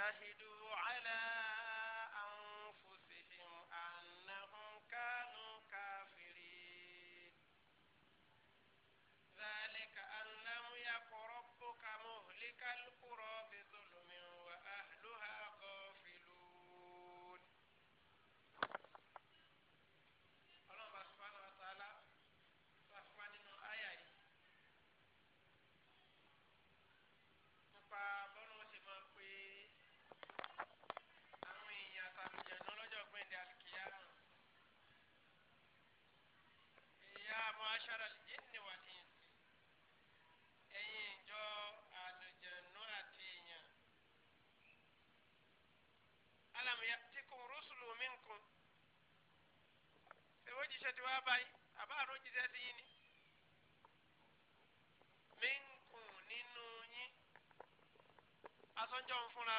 وشهدوا على alam yatikum rusulu minkum ṣé wọ́n jíṣẹ́ tí wàá báyìí àbá àrò jíṣẹ́ sí yín ni minkum nínú yín asọ́njọ́ ń fúnra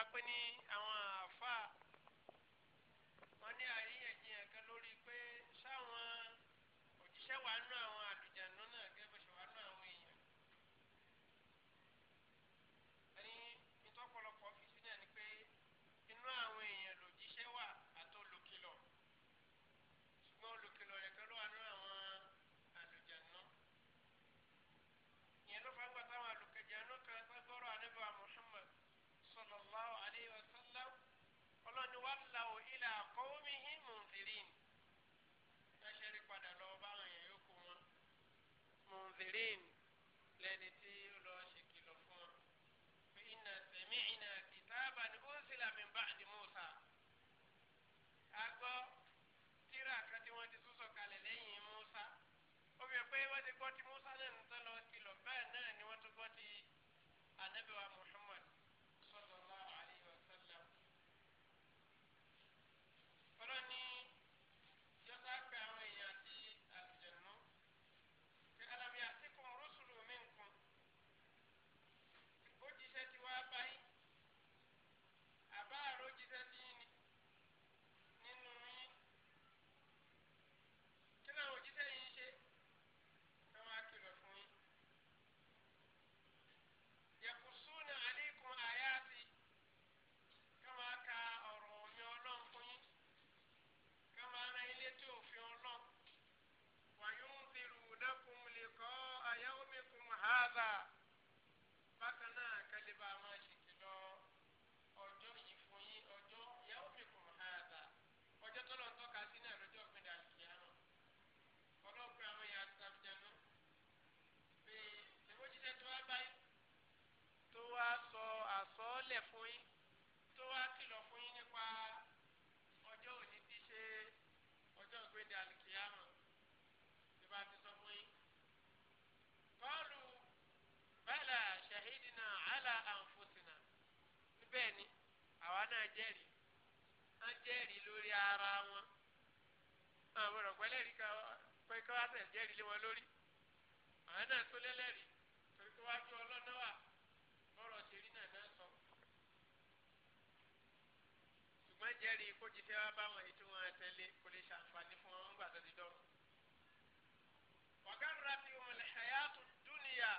المسافرين sẹ̀ jẹ́rìí lé wọn lórí àwọn náà tó lẹ́lẹ́rìí torí pé wájú ọlọ́nà wà bọ́rọ̀ ṣe rí náà náà sọ. ṣùgbọ́n jẹ́rìí kó jíṣẹ́ wá bá wọn ètò wọn tẹ́lẹ̀ kó lè ṣàǹfààní fún wọn nígbà tó ti dọ̀rọ̀. wàgàrà fi wọn lè ṣàyà dúnìyà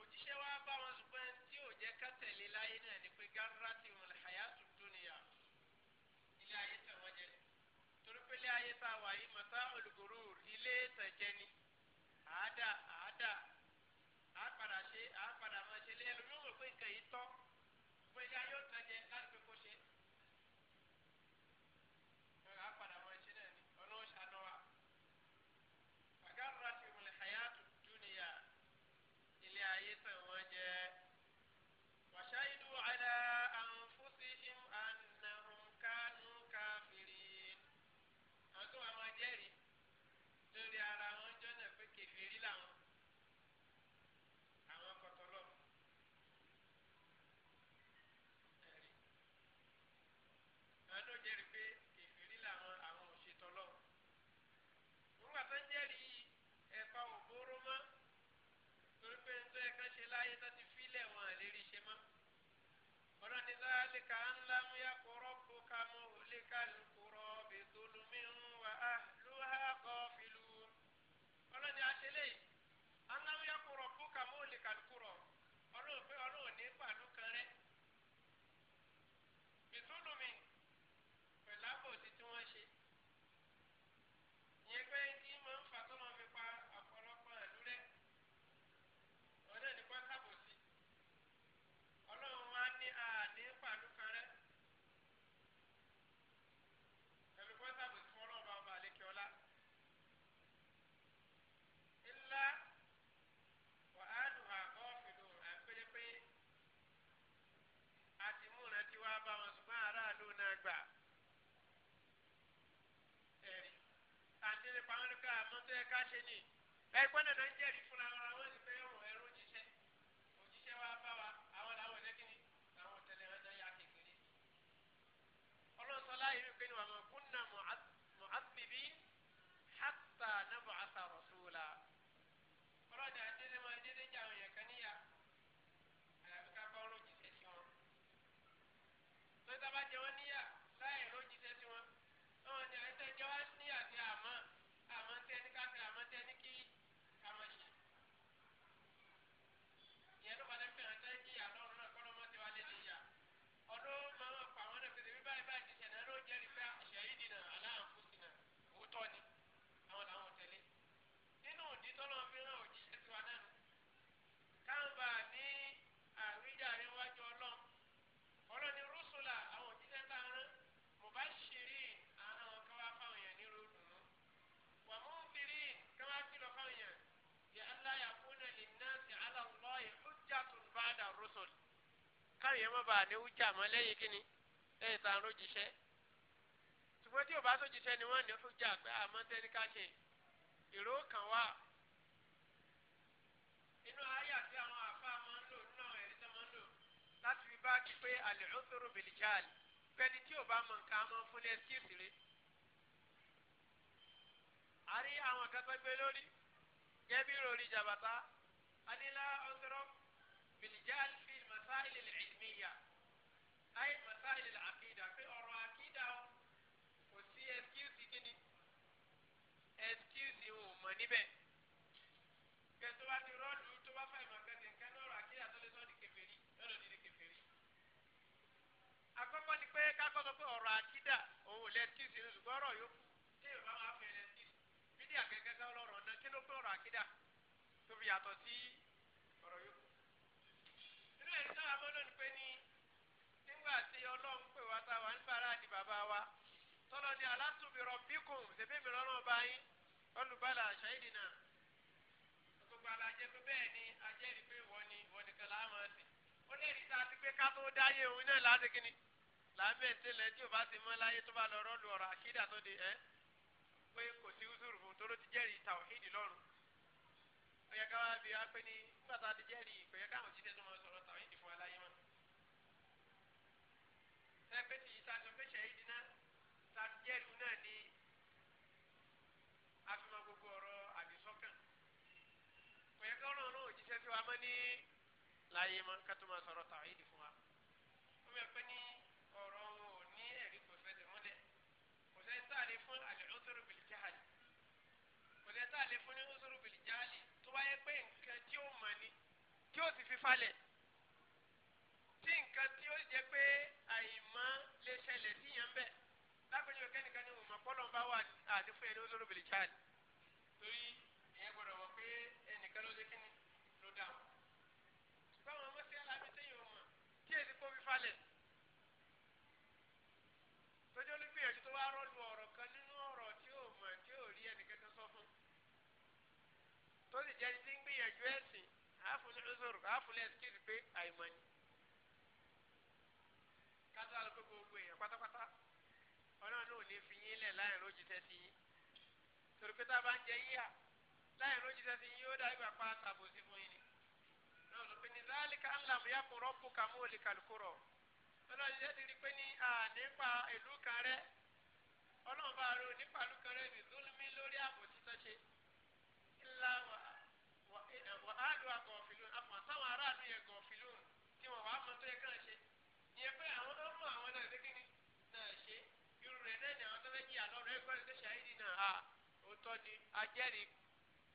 òjíṣẹ́ wá bá wọn ṣùgbọ́n tí ò jẹ́ ká tẹ̀lé láyé náà ni pé gàrà ti wọn lè ṣàyà dúnìyà ilé ayé tẹ̀ jẹ torí pé ilé ayé tá a wà yìí mọ̀tá olùkóró lé tàn jẹ ni àádá. tó yẹ ká ṣe ni ẹgbẹ́ náà ló ń jẹ́rìí fúnra wọn ní káyọ̀ yẹn má bàa ní wújà mọ́ lẹ́yìn kíni lẹ́yìn tá à ń rójíṣẹ́ ṣùgbọ́n tí ò bá sójíṣẹ́ ni wọ́n ní wújà pé àmọ́ tẹ́ni ká ṣe ìró kan wà. inú ayé àti àwọn àfa máa ń lò nínú àwọn ẹ̀rí tó máa ń lò láti fi bá kí pé àlè ó sọ̀rọ̀ bèlìjáàlì pẹ́ni tí ò bá mọ nǹkan máa fún ní ẹ́síkìsì rẹ̀. a rí àwọn kan gbé lórí gẹ́gẹ́ bí rori jàbàtà anílá ọ̀sọ̀rọ̀ bèlìjáàlì fi màsáìlì lẹ́yìn ayé masa ilẹ̀ àkídà pé ọ̀rọ̀ àkídà kò sí ẹskíùsì kíni ẹskíùsì ò mọ̀ níbẹ̀ kẹ tó bá ti rọ́ọ̀lù tó bá fẹ́ mọ̀ kẹsì nǹkan náà ọ̀rọ̀ àkídà tó lè sọ di kèfèrí lọ́dọ̀ di di kèfèrí. àkọ́kọ́ ni pé kákọ́ sọ pé ọ̀rọ̀ àkídà òun ò lẹ ẹskíùsì ní ṣùgbọ́n ọ̀rọ̀ yòókù tí yorùbá máa fẹ́ lẹ ẹskíùsì bídí àkẹ́kẹ́ sọ lọ́rọ̀ náà kí ló pé ọ̀rọ̀ àkídà tó fi yàtọ̀ sí ọ̀rọ̀ yòókù. inú ẹ̀rí sábà mọ́ lónìí pé ní tá a wà ń bára di bàbá wa tọ́lọ́ ni alásùnbí rọ̀bíkùn ṣèbí mìíràn náà bá yín olùbálà ṣáìdì náà gbogbo alajẹ́ pé bẹ́ẹ̀ ni ajẹ́rìí pé wọ́n ni wọ́n nìkan láàmú sí ó lè rí sáà ti pé ká tó dáyé òun náà láti kíni làbẹ́ ìtẹ́lẹ̀ tí o bá ti mọ́ láyé tó bá lọ rọ́ọ̀lù ọ̀rọ̀ àkídà tó di ẹ́ pé kò sí usuru fún toró ti jẹ́rìí tàwíìdì lọ́rùn ó yẹ ká wá bí wá pé ní nígbà tá a ti jẹ́rìí kò yẹ káwọn jíde tó máa sọ̀rọ̀ ẹgbẹ́ tí yìí sàtọ̀ pé ṣẹ́yìn náà sàtìjẹ́rù náà ni àfihàn gbogbo ọ̀rọ̀ àdìsọ́kàn kò yẹ kọ́ ọ̀rọ̀ náà òjíṣẹ́ sí wa mọ́ ní láyé mọ́ ká tó máa sọ̀rọ̀ tàwọn ìdí fún wa ó yẹ pé ní ọ̀rọ̀ wọn ò ní ẹ̀rí kò fẹ́ tẹ̀mọ́lẹ̀ kò sẹ́ sáàlì fún àlẹ́ ọ̀sọ̀rọ̀ bìlìjáàlì kò sẹ́ sáàlì fún ní ọ̀sọ̀rọ̀ bìlìjáàlì tó bá yẹ pé nǹkan tí ó mọ̀ ni tí ó sì fi falẹ̀ tí nǹkan tí ó jẹ pé àìmọ́ lè ṣẹlẹ̀ síyàn bẹ́ẹ̀ lápẹjọ kẹ́nìkan ní òmò pọ́lọ́n bá wà àti fún ẹni olóró bèlè chaali torí ìyẹn gbọ́dọ̀ wọ pé ẹnìkan ló dé kíni ló dà wọ́n. ṣùgbọ́n àwọn ọmọ sí alábí sẹ́yìn ọmọ tí èsì kó fi falẹ̀ tójú olùgbìyànjú tó wá rọ́ọ̀lù ọ̀rọ̀ kan nínú ọ̀rọ̀ tí ò mọ̀ tí ò rí ẹnìkan kan sọ fún tó sì jẹ́ ti ń gbìyànjú ẹ̀sìn àáfù ní ọ̀sọ̀rọ̀ àáfù lẹ́sìkì pé àìmọ̀ ni. láì rójíṣẹ́ sí yín torí pé tá a bá ń jẹ yíyà láì rójíṣẹ́ sí yín yóò dá ìgbà pa àtàbòsí fún yín ni náà ló pe ní zálìkà ńlá mi yá kúrọ́ kú kàmú òlì kàlùkùrọ̀ ọlọ́run yẹ́ ti rí pé ní nípa ìlú kan rẹ ọlọ́run bá ro nípa ìlú kan rẹ ní zulmi lórí àbòsí tó ṣe ńlá wà á lo àgọ̀ọ̀fìlú àmọ́ táwọn aráàlú yẹ gọ̀ọ̀fìlú tí wọ́n wàá mọ tó yẹ kàn ṣe ìyẹn pé àwọn ha òótọ́ ni ajẹ́rìí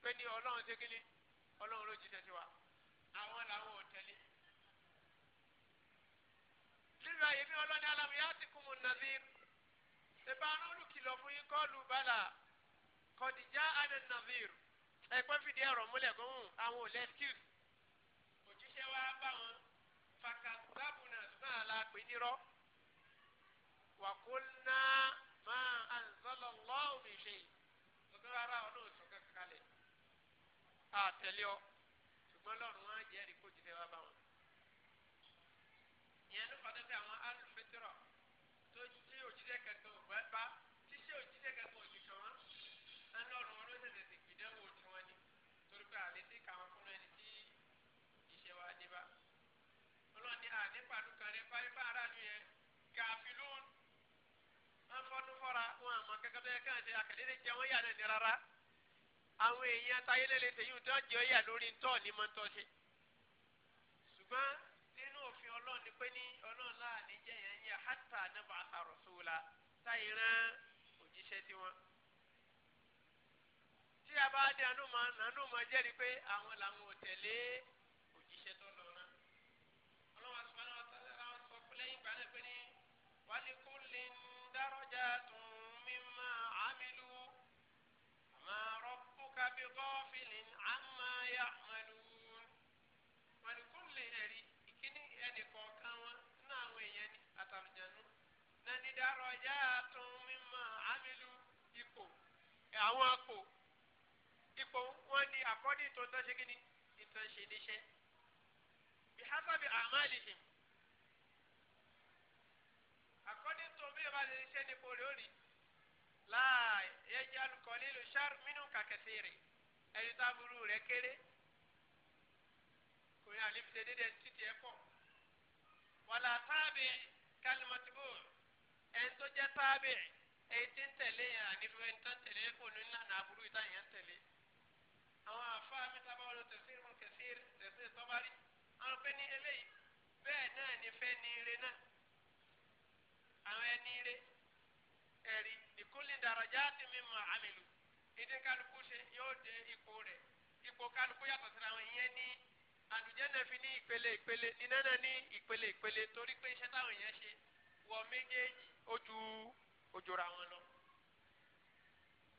pé ní ọlọ́run ṣe kíni ọlọ́run ló jíṣẹ́ sí wa àwọn làwọn ò tẹ̀lé. lílo ayé mi ọlọ́ni alamu yá ti kún mu nàbí ṣèbá ọlọ́run kìlọ̀ fún yín kọ́ọ̀lù bàlà kọ̀dìjà àná nàbí ẹgbẹ́ fìdí ẹ̀rọ múlẹ̀ gbóhùn àwọn ò lẹ́skìs òjíṣẹ́ wa ba wọn fàkàtàbùnà ṣùgbọ́n àlà pè nírọ́ wàkúnná máa ànzọ́lọ̀ lọ́wọ́ mi ṣe òbí rárá ọ náà sọ kankan kalẹ̀ àtẹ̀lé ọ ṣùgbọ́n lọ́run wọn á kó jìnnà wá bá wọn. ìyẹn ló fọdọ́ sí àwọn àlù. nǹkan tó yẹ káà ṣe àkàdédé jẹ wọn yà náà ní rárá àwọn èèyàn táyé lè lè tẹ̀yìn tó jẹ́ yà lórí ntọ́ ní mọ́ ntọ́ ṣe ṣùgbọ́n nínú òfin ọlọ́run ni pé ní ọlọ́run náà ní jẹ́ yẹn yẹ hátà nípa àròsùlà táyé rán òjíṣẹ́ a bá dé àánú mọ àánú mọ jẹ́rìí pé àwọn làwọn ò tẹ̀lé òjíṣẹ́ tó lọ rán. ọlọ́run àti wọn sọ pé lẹ́yìn ìgbà náà pé ní wàlíkùn lè ń dárọ́jà tún. àwọn àpò ipò wọn ni according tó ń tán ṣe kíni ní tán ṣe níṣẹ́ bí hasabi amalihim according tó bí ìbá ṣe níṣẹ́ ní pòlì òrì láàyè yẹjẹ alukọ nílò ṣáàrù mínú kàkẹsì rè ẹni tá a burú kéré kò ní àlefisẹ dédé títí ẹ pọ wàlá tábìlì kálímọtìbò ẹni tó jẹ tábìlì èyí tí ń tẹ̀lé yẹn àníbi ẹni tó ń tẹ̀lé kò ní lànà aburú ìta yẹn ń tẹ̀lé. àwọn àfa mi sábà wọlé tẹ̀sí mọ kẹsí tẹ̀sí tọ́bárí àwọn pé ní eléyìí bẹ́ẹ̀ náà ni fẹ́ ni ire náà àwọn ẹni ire ẹ̀rí ìkúlì dàrọ̀já ti mi mọ àmìlú ìdí kálukú ṣe yóò dé ipò rẹ̀ ipò kálukú yàtọ̀ síra àwọn ìyẹn ní àlùjẹ́ náà fi ní ìpele ìpele iná ní ìpele ìpele torí pé iṣẹ́ táwọn èèyàn ṣe wọ méjèèjì ojú ó jọra wọn lọ.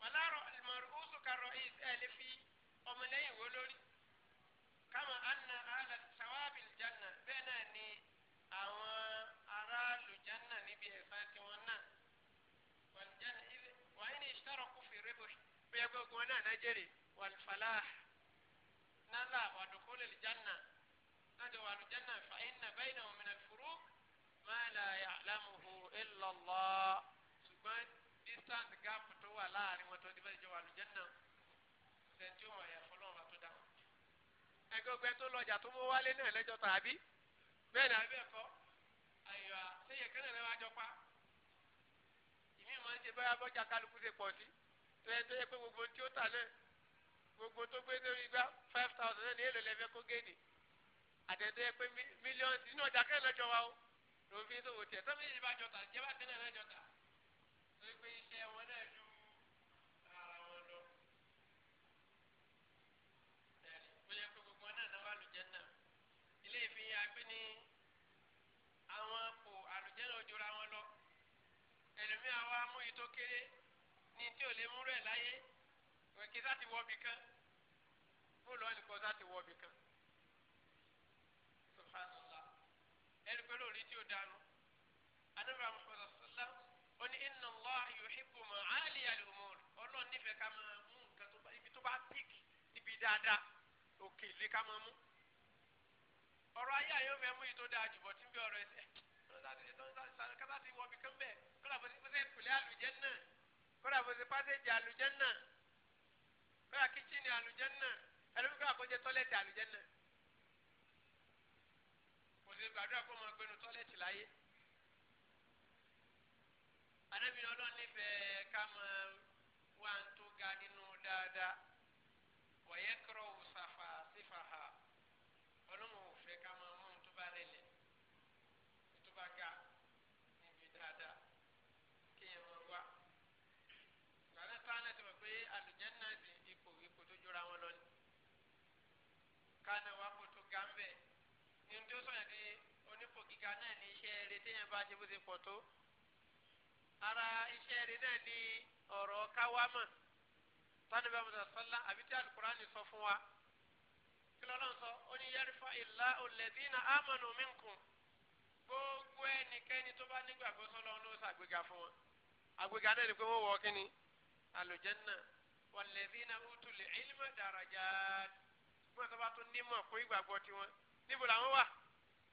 wàlárọ̀ ìmọ̀ràn oṣù karọ̀ ẹ̀ lè fi ọmọlẹ́yìn wo lórí. kama anna ala sawabi aljanna bẹ́ẹ̀ náà ni àwọn ará alùjánà níbi ẹ̀fá tiwọn náà. wàlùjánà wà ní ìṣòro kò fi rébò bóyá gbogbo wọn náà nájẹ́rì wàlùfàlà nálà wàdùkúlẹ̀ aljanna nájọ wàlùjánà fa inna baynahum min alfuruq ma la ya'lamuhu illa Allah ṣùgbọ́n distance gap tó wà láàrin wọn tó ní bẹ́ẹ̀ jọ wà lùjẹ́ náà ṣe tí ó mọ̀ ẹ̀ fọlọ́run àti dá. ẹgbẹ́gbẹ́ tó lọ́jà tó mú wálé náà lẹ́jọ́ tàbí bẹ́ẹ̀ ni àbí ẹ̀kọ́ àyọ̀ àṣeyẹ kẹ́lẹ́ rẹ̀ wájọ pa ìmí wọn ṣe báyà bọ́jà kálukú ṣe pọ̀ sí tẹ́lẹ̀ tó yẹ pé gbogbo tí ó tà náà gbogbo tó gbé lórí gbá five thousand náà ní èlò lẹ́fẹ́ kó géènì àtẹ̀tẹ̀ yẹ pé mílíọ̀nù nínú ọjà kẹ́lẹ́ o lòun fi ń sòwò tiẹ̀ tẹ́lẹ̀ yìí tó kéré ní tí ò lè múrò ẹ̀ láyé ìwẹ̀kí sá ti wọ ibì kan bóòlù ọ̀nìkan sá ti wọ ibì kan subhanallah ẹni pé lórí tí ó dànù anábìrà mọ̀kànlá sọ́lá ó ní inna Allah yuhibbu ma'aliya al-umur ọlọ́run nífẹ̀ẹ́ ká máa mú nǹkan tó bá ibi tó bá pík níbi dáadáa òkè lé ká máa mú ọ̀rọ̀ ayé àyẹ̀wò fẹ́ mú yìí tó dáa jùbọ̀ tí ń bẹ ọ̀rọ̀ ẹ̀sẹ̀ kátà ti wọ ibì kan bẹ́ẹ̀ kódà bó ṣe kùlẹ̀ àlùjẹ́nà kódà bó ṣe pàṣẹjì àlùjẹ́nà kódà kíchìnì àlùjẹ́nà ẹlẹ́mi kódà kó jẹ tọ́lẹ̀tì àlùjẹ́nà kò sí gbàdúrà kó máa gbénu tọ́lẹ̀tì láyé anábìyàn ọlọ́run nífẹ̀ẹ́ ká máa. ìjà náà ní iṣẹ́ rere téèyàn bá ṣe bó ṣe pọ̀ tó ara iṣẹ́ rere náà ní ọ̀rọ̀ káwámọ̀ tánibà mùsàlá àbí tí alukurani sọ fún wa kí lọ́lọ́ sọ ó ní yẹ́rìfà ìlà olèdínà àmọ̀nù minkum gbogbo ẹnikẹ́ni tó bá nígbàgbọ́ sọ́lọ́ ló ṣàgbéga fún wọn àgbéga náà ni pé wọ́n wọ kíni àlùjẹ́nà wàlẹ́dínà utul ilma darajat gbọ́dọ̀ tó bá tún nímọ̀ fún ìgbàgbọ́ tiwọn níbo làwọn wà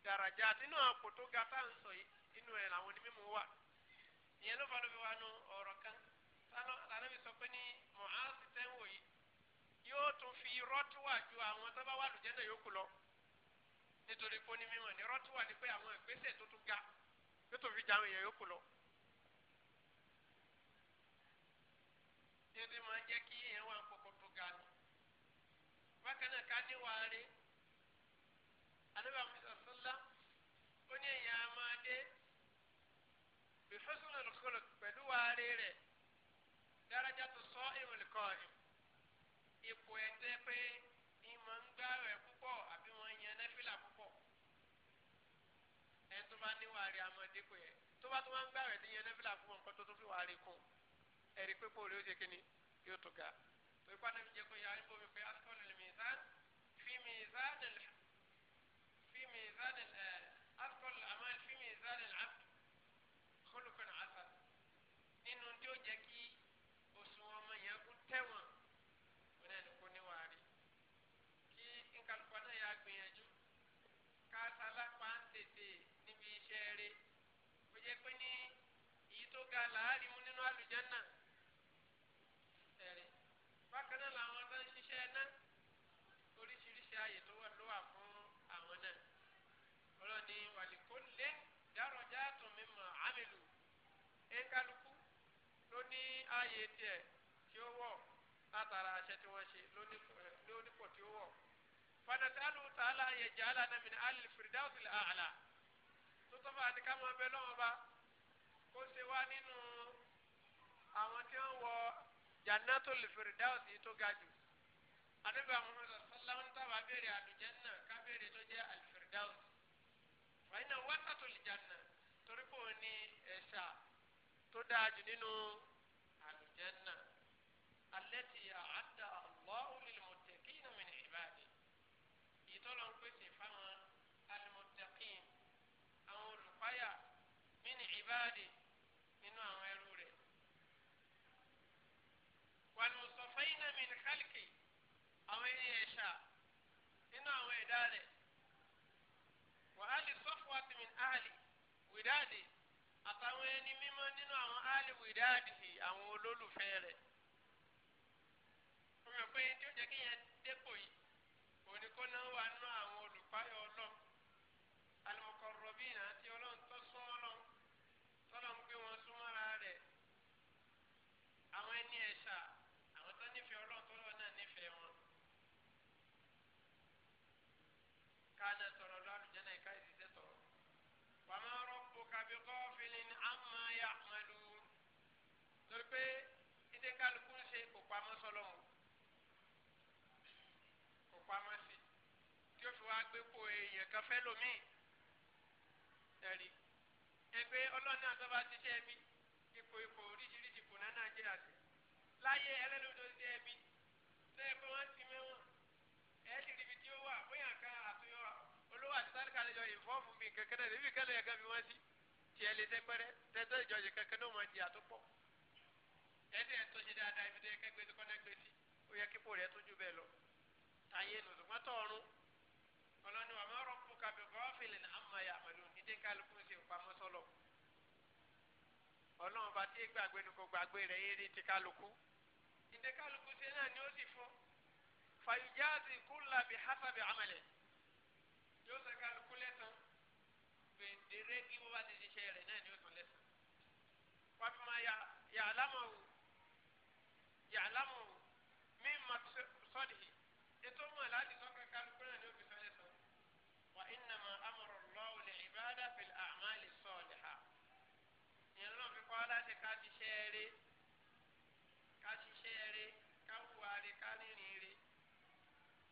dàràjà àti inú àpò tó ga tá à ń sọ yìí inú ẹ̀ làwọn onímọ̀ wà ìyẹn ló fà ló fi wá nu ọ̀rọ̀ kan tànàbí sọ pé ní mọ̀hánsì tẹ́wọ̀ yìí yóò tún fi rọ́tùwà ju àwọn tó bá wà lùjẹ́ náà yókù lọ nítorí pé ní mímọ̀ ní rọ́tùwà ni pé àwọn ìgbésẹ̀ tó tún ga yóò tún fi jáwé yẹn yókù lọ. nítorí máa jẹ́ kí èèyàn wà kókó tó ga ni bákan náà ká ní wàá rí àdébàmùsọ ó ní èèyàn á máa dé bí husn al-khuluq pẹ̀lú wàhálà rẹ̀ daraja tó sọ ìrìn kọ́ ẹ̀ ipò ẹ̀ tẹ́ pé ìmọ̀ ń gbá rẹ̀ púpọ̀ àbí wọ́n yan nẹ́fìlà púpọ̀ ẹni tó bá ní wàhálà rẹ̀ á máa dé pé ẹ̀ tó bá tó máa ń gbá rẹ̀ tó yan nẹ́fìlà púpọ̀ nǹkan tó tó fi wàhálà kún ẹ̀rí pé pòlì ó ṣe kíni yóò tó ga torí pé anabi jẹ́ kó yára ń bomi pé asukọ̀ nílùú mìíràn fi mìíràn fi mìíràn أثقل الأعمال في ميزان العبد خلق عسل nínú tí ó jẹ́ kí oṣù ọmọ yẹn kú tẹ̀wọ̀n wọn náà ní kó níwàá rí kí nkàlùkọ náà yà gbìyànjú ká sálápá ń tètè níbi iṣẹ́ rẹ̀ ó jẹ́ pé ní èyí tó ga làárí láàyè tiẹ̀ tí ó wọ̀ látara aṣẹ tí wọ́n ṣe lónípò eh, tí ó wọ̀. fanatalu taala yẹ jaala na min alil firidausi la ala tó tọ́ba àti ká máa bẹ lọ́wọ́ bá kó ṣe wá nínú àwọn tí wọ́n wọ jannatul firidausi tó ga jù. àdébà muhammadu sallallahu alaihi wa sallam béèrè àlùjànnà ká béèrè tó jẹ́ alifiridaus. wàyí náà wasatul janna torí kò ní ẹ̀ṣà tó dáa الجنة التي أعدها الله للمتقين من عباده يتولون كويسي فما المتقين أو القيا من عباده إنه أميروره والمصطفين من خلقه أو يشاء إنه أميداره وأهل الصفوة من أهل وداده àtàwọn ẹni mímọ́ nínú àwọn aliwìdáàdì àwọn olólùfẹ́ rẹ̀ mo rò pé tí ó jẹ́ kéèyàn dépò yìí òní kó náà wà nú àwọn olùpáyọ̀ ọlọ́run. pamọ́ sí tí ó fi wá gbé kó èèyàn kan fẹ́ lómìn ẹ̀rí ẹgbẹ́ ọlọ́ọ̀ni àtọ́ba ti ṣe ẹbí ipò ipò oríṣiríṣi kò nàìjíríà sí láyé ẹlẹ́lódò ṣe ẹbí ṣe é pé wọ́n ti mẹ́wọ̀n ẹ̀ sì ríbi tí ó wà bóyá kan àtúnyọ olówó àti sáré lè jọ ìfọ́ọ̀mù mi kankan náà níbi kẹ́lẹ́ yẹn kan fi wọ́n sí tiẹ̀ lè tẹ́gbẹ́rẹ́ tẹ́tọ́ ìjọyè kankan náà mọ̀ di àtúpọ̀ ẹ̀ẹ́dẹ̀ tó ṣe dáadáa ibi tó yẹ kẹ́gbẹ́ tó kọ́ náà gbé sí ó yẹ kípò rẹ̀ tó ju bẹ́ẹ̀ lọ tayé nù ṣùgbọ́n tọ̀run ọlọ́ni wàá máa rọ́pò kàbí gọ́ọ̀fìlì ní àmàyà àmàlù nídé kálukú ṣe pamọ́ sọ́lọ̀ ọlọ́run bá tí gbàgbé nu kò gbàgbé rẹ̀ eré ti kálukú nídé kálukú ṣe náà ni ó sì fún fàyíjáàsì kúlà bí hásábì àmàlẹ̀ yóò ṣe kálukú lẹ́sàn gbèdéré kí wọ́n bá ti ṣiṣẹ́ rẹ̀ náà ni ó sàn lẹ́sàn wàá fi máa yà àlámọ̀ wò yà àlámọ̀ wò mí màtúsọ́dì yìí láti sọ pé kálukú náà ni ó fi sọ lẹ́sọ̀ wà innama amara Allahu al-ibada fil a'mali salihah ìyẹn lọ́nà fi kọ́ láti ká ṣiṣẹ́ eré ká ṣiṣẹ́ eré ká wùwà eré ká rìnrìn eré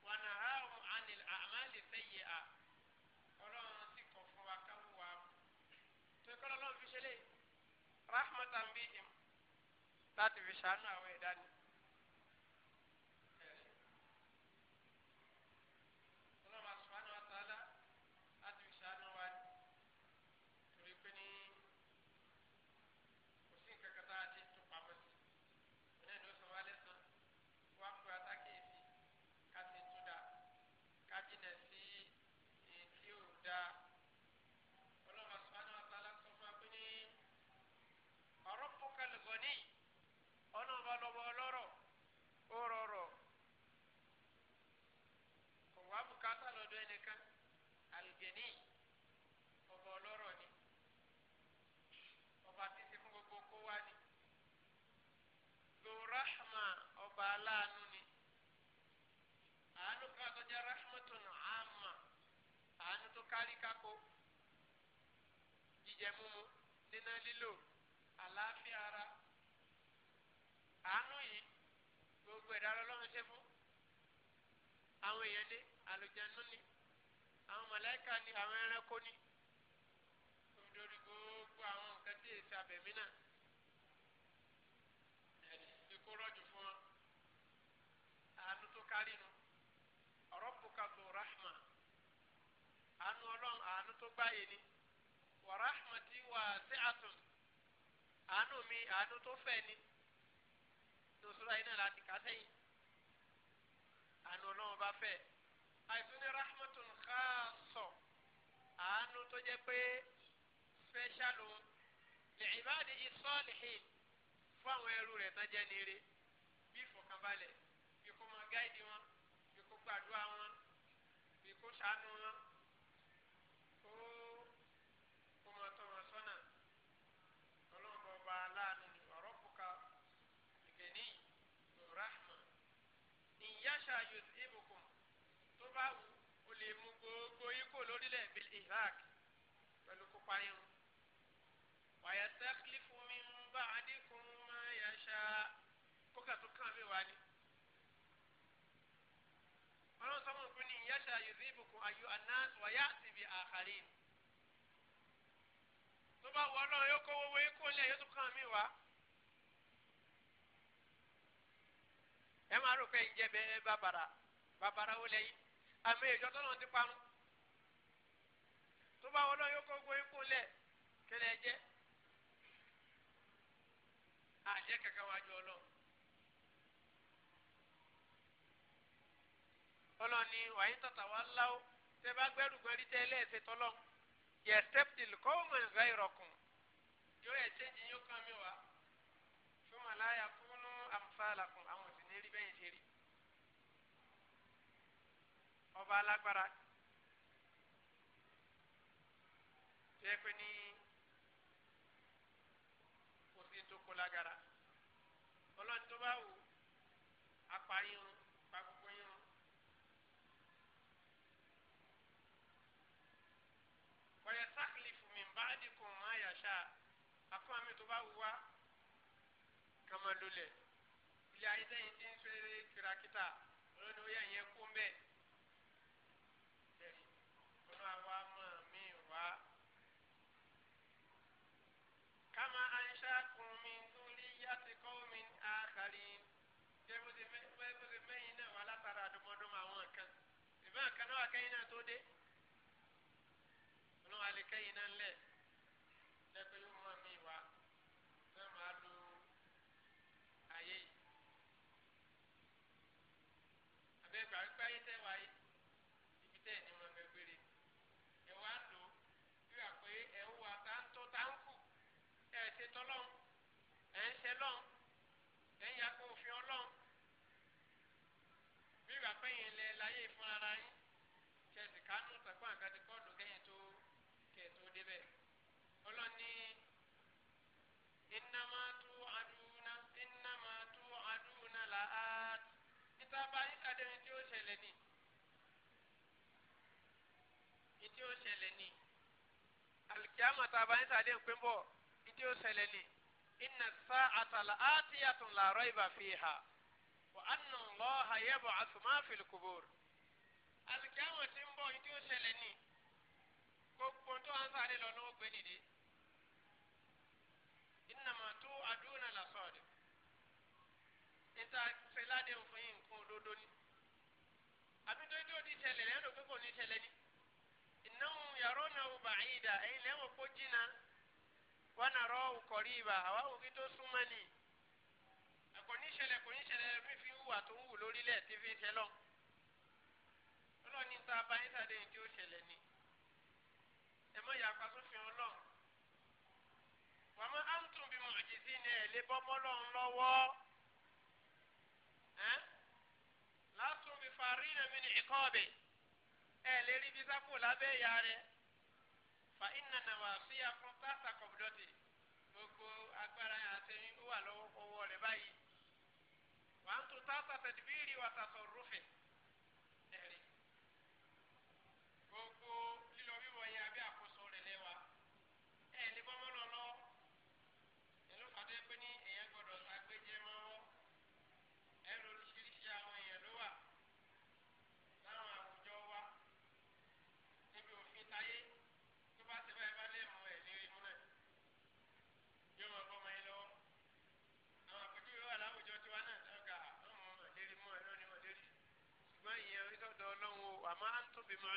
wà nahahum 'anil a'mali sayyi'ah ọlọ́run ti kọ̀ fún wa ká wùwà tó kọ́ lọ́nà fi ṣẹlẹ̀ rahmatan bihim láti fi ṣàánú àwọn ẹ̀dá ni. kárí kákó jíjẹ múmu níná lílò àlàáfíà ara àánú yìí gbogbo ẹ̀dá ọlọ́run ṣe fún àwọn èèyàn ní àlùjànnú ni àwọn mọ̀lẹ́kà ni àwọn ẹranko ni lórí gbogbo àwọn nǹkan tí èsì abẹ̀mí náà. báyìí ni wa rahmati wasi'atun àánú mi àánú tó fẹ̀ ni lọ́sọ̀rọ̀ yìí náà láti kà sẹ́yìn àánú ọlọ́run bá fẹ̀ àìsàn ní rahmatun khassa àánú tó jẹ́ pé special o lè ìbáàdì ìsọ́ọ̀lìhìn fún àwọn ẹrú rẹ̀ tán jẹ́ nire bí ìfọ̀kànbalẹ̀ bí kò máa gáìdì wọn bí kò gbàdúrà wọn bí kò ṣàánú wọn. imsak pẹ̀lú kópa irun wàyà sẹ́kìlìfù mi ń bá adékun máa yà ṣá kókà tó kàn mí wá ní. ọlọ́run sọ́mọ́ òkú ni ìyá ṣá yóò dìbò kún ayò àná wàyà àti ibi àkàrí. tó bá wọ ọlọ́run yóò kó owó ikú lẹ̀ yóò tó kàn mí wá. ẹ máa rò pé ìjẹ́ bàbàrà bàbàrà ó lẹ́yìn àmì ìjọ tó lọ́n ti parun tó bá wọlé yóò kókó ikú lẹ kẹlẹ jẹ àjẹ kankan wá jọ lọ. ọlọ́ni wàyí tata wà láwọ́ tẹ bá gbẹrù gbẹrí tẹ lẹ́ẹ̀sẹ̀ tọ́lọ́ yẹ sẹ́pìtìlì kọ́ọ̀mọ̀ nǹkan ìrọ̀kùn yóò yẹ ṣẹ́jì yóò kàn mí wá fún màláyà kúnú àmúfàlàkùn àwọn òsì ní rí bẹ́yìn ṣe rí ọba alágbára tẹ́ pé ní kò sí tó kó lágara ọlọ́run tó bá wù apá yín pa min ba'dikum ma yasha afún àmì tó bá wù wá kàmá lulẹ̀ ilé ayé sẹ́yìn tí ń fẹ́rẹ́ kìràkìtà. ọlọ́wà kẹ́yìn náà tó dé ọlọ́wà lè kẹ́yìn náà lẹ̀ lẹ́pẹ́ yóò mọ̀ mí wá fẹ́ máa lo ayé yìí. àbẹ́ ìgbà wípé ayé tẹ́ wáyé ibi tẹ́ ẹ̀ ní wọn gbẹgbẹ́rẹ́ ẹ̀ wá lò wíwà pé ẹ̀ ń wà ń tó tá ń kù ṣe tọ́lọ́n ẹ̀ ń ṣe lọ́n ẹ̀ ń yakọ̀ òfin ọlọ́n wíwà pẹ́yìn lẹ̀ láyé fún. alikiyama tá a bá ń sàdé ń pín bọ̀ ìdí ó ṣẹlẹ̀ ni inna sa'ata la'atiyatun la rayba fiha wa anna Allaha yab'athu ma fil qubur alikiyama tí ń bọ̀ ìdí ó ṣẹlẹ̀ ni gbogbo tó ń sàdé lọ ní ó gbé nìdí innama tu'aduna lasadiq níta ṣẹlẹ̀ adé ń fún yín nǹkan òdodo ni àbí tó ń tó di ṣẹlẹ̀ lẹ́nu pé kò ní ṣẹlẹ̀ ni yàrá ọ̀nà ọba àyídà ẹ̀yin lẹ́wọ̀n kó jìnnà wọn àrọ́ òkọ̀rí ibà àwa òbí tó súnmọ́ ni ẹ̀kọ́ níṣẹ̀lẹ̀ kò níṣẹ̀lẹ̀ mi fi wùwà tó ń wù lórílẹ̀ tí fi ṣẹlọ ọlọ́ọ̀ni ta bá yín sáré tí ó ṣẹlẹ̀ ni ẹ mọ̀ yàpá sófin ọlọ́run wàmọ́ àǹtún bí mọ̀jìsí ni ẹ̀ lé bọ́mọ́ lọ́run lọ́wọ́ látún bí farí nàmi ní ìkọ́ ọ̀bẹ ẹ̀ lè rí bí sápò lábẹ́ ìyá rẹ̀ fa iná na wà sí akún tásà kọ̀bùdọ́tì gbogbo agbára yẹn àtẹ̀yìn ó wà lọ́wọ́ rẹ̀ báyìí wà á tún tásà tẹ̀díbírì wà tàṣọ rúfin.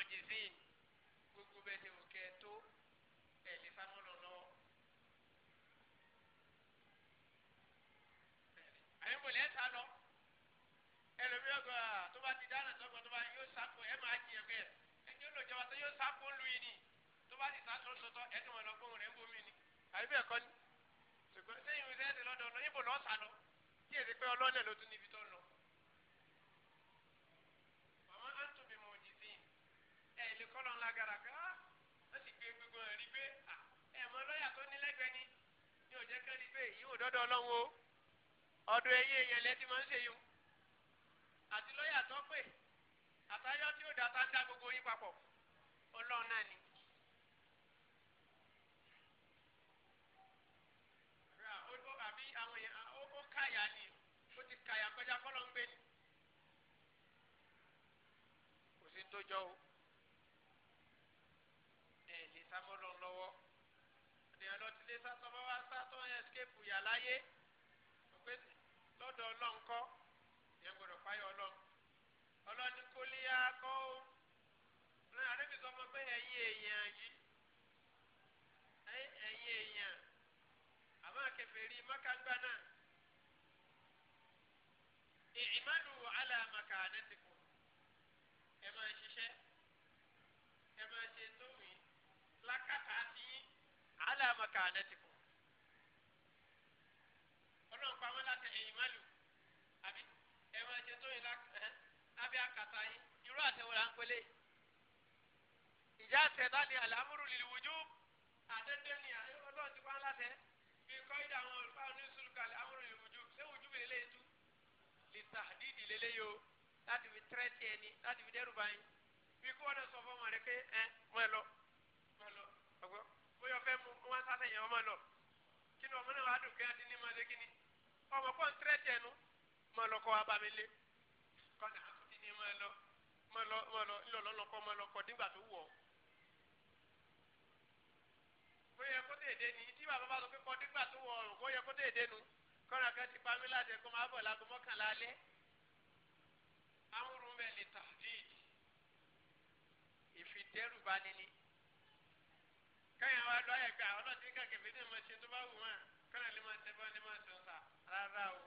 mọ̀jẹ̀sìn gbogbo bẹ́ẹ̀ ṣe òkè tó ẹ̀ lè fa mọ́lọ lọ́wọ́. àyè mo lẹ́ sá lọ ẹlòmí ọgọ tó bá ti dáná sọgbọ tó bá yóò sáko ẹ máa jiyàn bẹ́ẹ̀ ẹni olùjọba tó yóò sáko lu yìí ni tó bá ti sá sọsọtọ ẹni wọn lọ gbóhùn rẹ ń bomi ni àyè bẹ́ẹ̀ kọ́ ni ṣùgbọ́n sẹ́yìn ìwé sẹ́yìn lọ́dọ̀ ọ̀nà ibo lọ́ọ́ sá lọ tí èdè pé ọlọ́ọ̀lẹ̀ ló tún níbi lagara kan á wọ́n sì gbé gbogbo rẹ̀ rí pé ẹ̀ mọ lọ́ọ̀yà tó ní lẹ́gbẹ̀ẹ́ ni ní òjẹ́ kan rí pé èyí ò dọ́dọ̀ ọlọ́run o ọ̀dọ̀ ẹ̀yìn èèyàn lẹ́tí máa ń ṣe yun àti lọ́ọ̀yà tó pè àtayọ́ tí ó dá tá ń dá gbogbo yín papọ̀ ọlọ́run náà ni. àbí àwọn èèyàn ó káyà ni ó ti káyà kọjá kọ́lọ́ ń ni kò sí tó jọ o. ṣépù yà láyé òpè lọ́dọ̀ ọlọ́nkọ́ ọ gbọ́dọ̀ fáyọ̀ ọlọ́n ọlọ́ni kò lè ó ọlọ́ni àdébí sọ fún pé ẹ̀yin èèyàn yìí ẹ̀yin èèyàn àwọn akẹfẹ̀rí mọ́kàngbá náà ìmánu wàhálà màkà àdẹ́sìkò ẹ máa ṣiṣẹ́ ẹ máa ṣe tóun yìí lákàtà sí àhálà màkà pa wọn láti ẹ̀yìn má lù àbí ẹ máa ṣe tó yín lábẹ́ àkàtà yín irú àtẹ̀wò là ń pélé ìjà àtẹ̀dá ni àlámúrú lil wujub àtẹ̀dẹ́ ni ọlọ́run ti wá láti fi kọ́ ìdá àwọn olùkọ́ ní sùlùkàlẹ̀ àmúrú lil wujub ṣé wùjú mi lè e tú lè tàdídì lélẹ́yìí e o láti fi tẹ́rẹ́tì ẹni láti fi dẹ́rù báyìí bí kò wọ́n sọ fún ọmọ rẹ pé ẹ mọ ẹ lọ mọ lọ ọgbọ ọmọ kọ́ ń tẹ́rẹ́ tẹnu mọ lọkọ wa bá mi lé kọ́nà àti ní mọ lọ mọ lọ mọ lọ ńlọlọlọkọ mọ lọkọ nígbà tó wọ̀ ó yẹ kó tèèdè ni tí bàbá bá sọ pé kọ́ nígbà tó wọ̀ ọ̀rùn kó yẹ kó tèèdè nu kọ́nà kan ti pa mí láti kó máa bọ̀ lágbo mọ́kànlá alẹ́ amúrú mẹ́ lè tàdíd ìfìdẹ́rùbani ni káyọ̀ wá lọ́yẹ̀ gbà ọlọ́ọ̀tì kàkẹ́ fi ní ìmọ̀ ṣe tó bá wù wọ́n kọ́nà lè máa tẹ́ bá ní máa sọ̀tà rárá o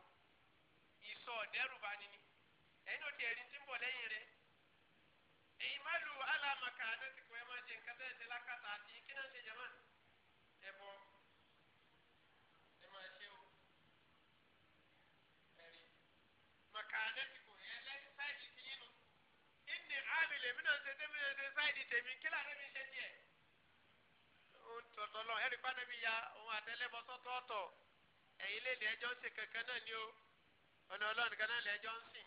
ìsọ ọ̀dẹ́rùbá ni ni ẹ̀yin ò tiẹ̀ rí ti ń bọ̀ lẹ́yìn rẹ̀ èyí má lu alámàkà àdótìkọ ẹ máa ṣe nǹkan tẹ́ ẹ ṣe lákàtà àti kí náà ṣe jẹ́mọ́ ẹ bọ́ ẹ máa ṣe o ẹ̀rí màkà àdótìkọ ẹ lẹ́yìn sáìdì ti yín nu ìní àmì lèmi náà ṣe tẹ́mi náà ṣe sáìdì tèmi kí làdé mi ṣe díẹ̀ ó tọ̀tọ̀ lọ ẹ̀rí pàdé mi ya òun àtẹlẹ́bọ sọ́tọ̀ọ̀tọ̀ ẹ̀yin lè ní ẹjọ́ ń sìn kankan náà ni ó ọ̀nà ọlọ́run kan náà lè ẹjọ́ ń sìn.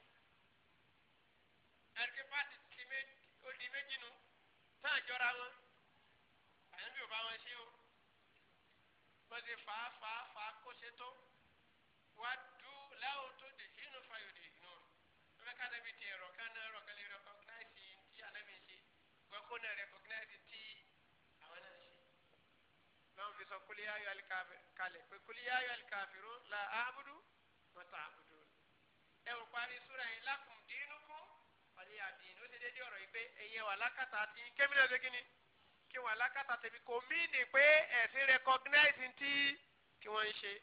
ẹ̀rí pàtì ti ó di méjì nu tá à jọra wọn àyànfi ò bá wọn ṣe o wọ́n ti fà á fà á fà á kó ṣe tó wá dú láwọn tó dè sínú fayọ̀dè nù ọ̀rọ̀ ká nàbí ti ẹ̀rọ ká rọ̀ kọ́kínáìsì tí ànábì ń ṣe gbọ́kọ́ náà rẹ̀ kọ́kínáìsì t lọ́wọ́n fi sọ kúlíyà yọ alikafir kalẹ̀ pé kúlíyà yọ alikafiru la abudu mọ̀tà abudu. ẹ ò parí súra yẹn lakum dinukum wàlíyà dín ó ti dédé ọ̀rọ̀ yìí pé ẹ̀yẹ wà lákàtà tí kémìnà ṣe kíni kí wà lákàtà tèmi kò mí ni pé ẹ̀sìn recognize ti tí wọ́n ń ṣe.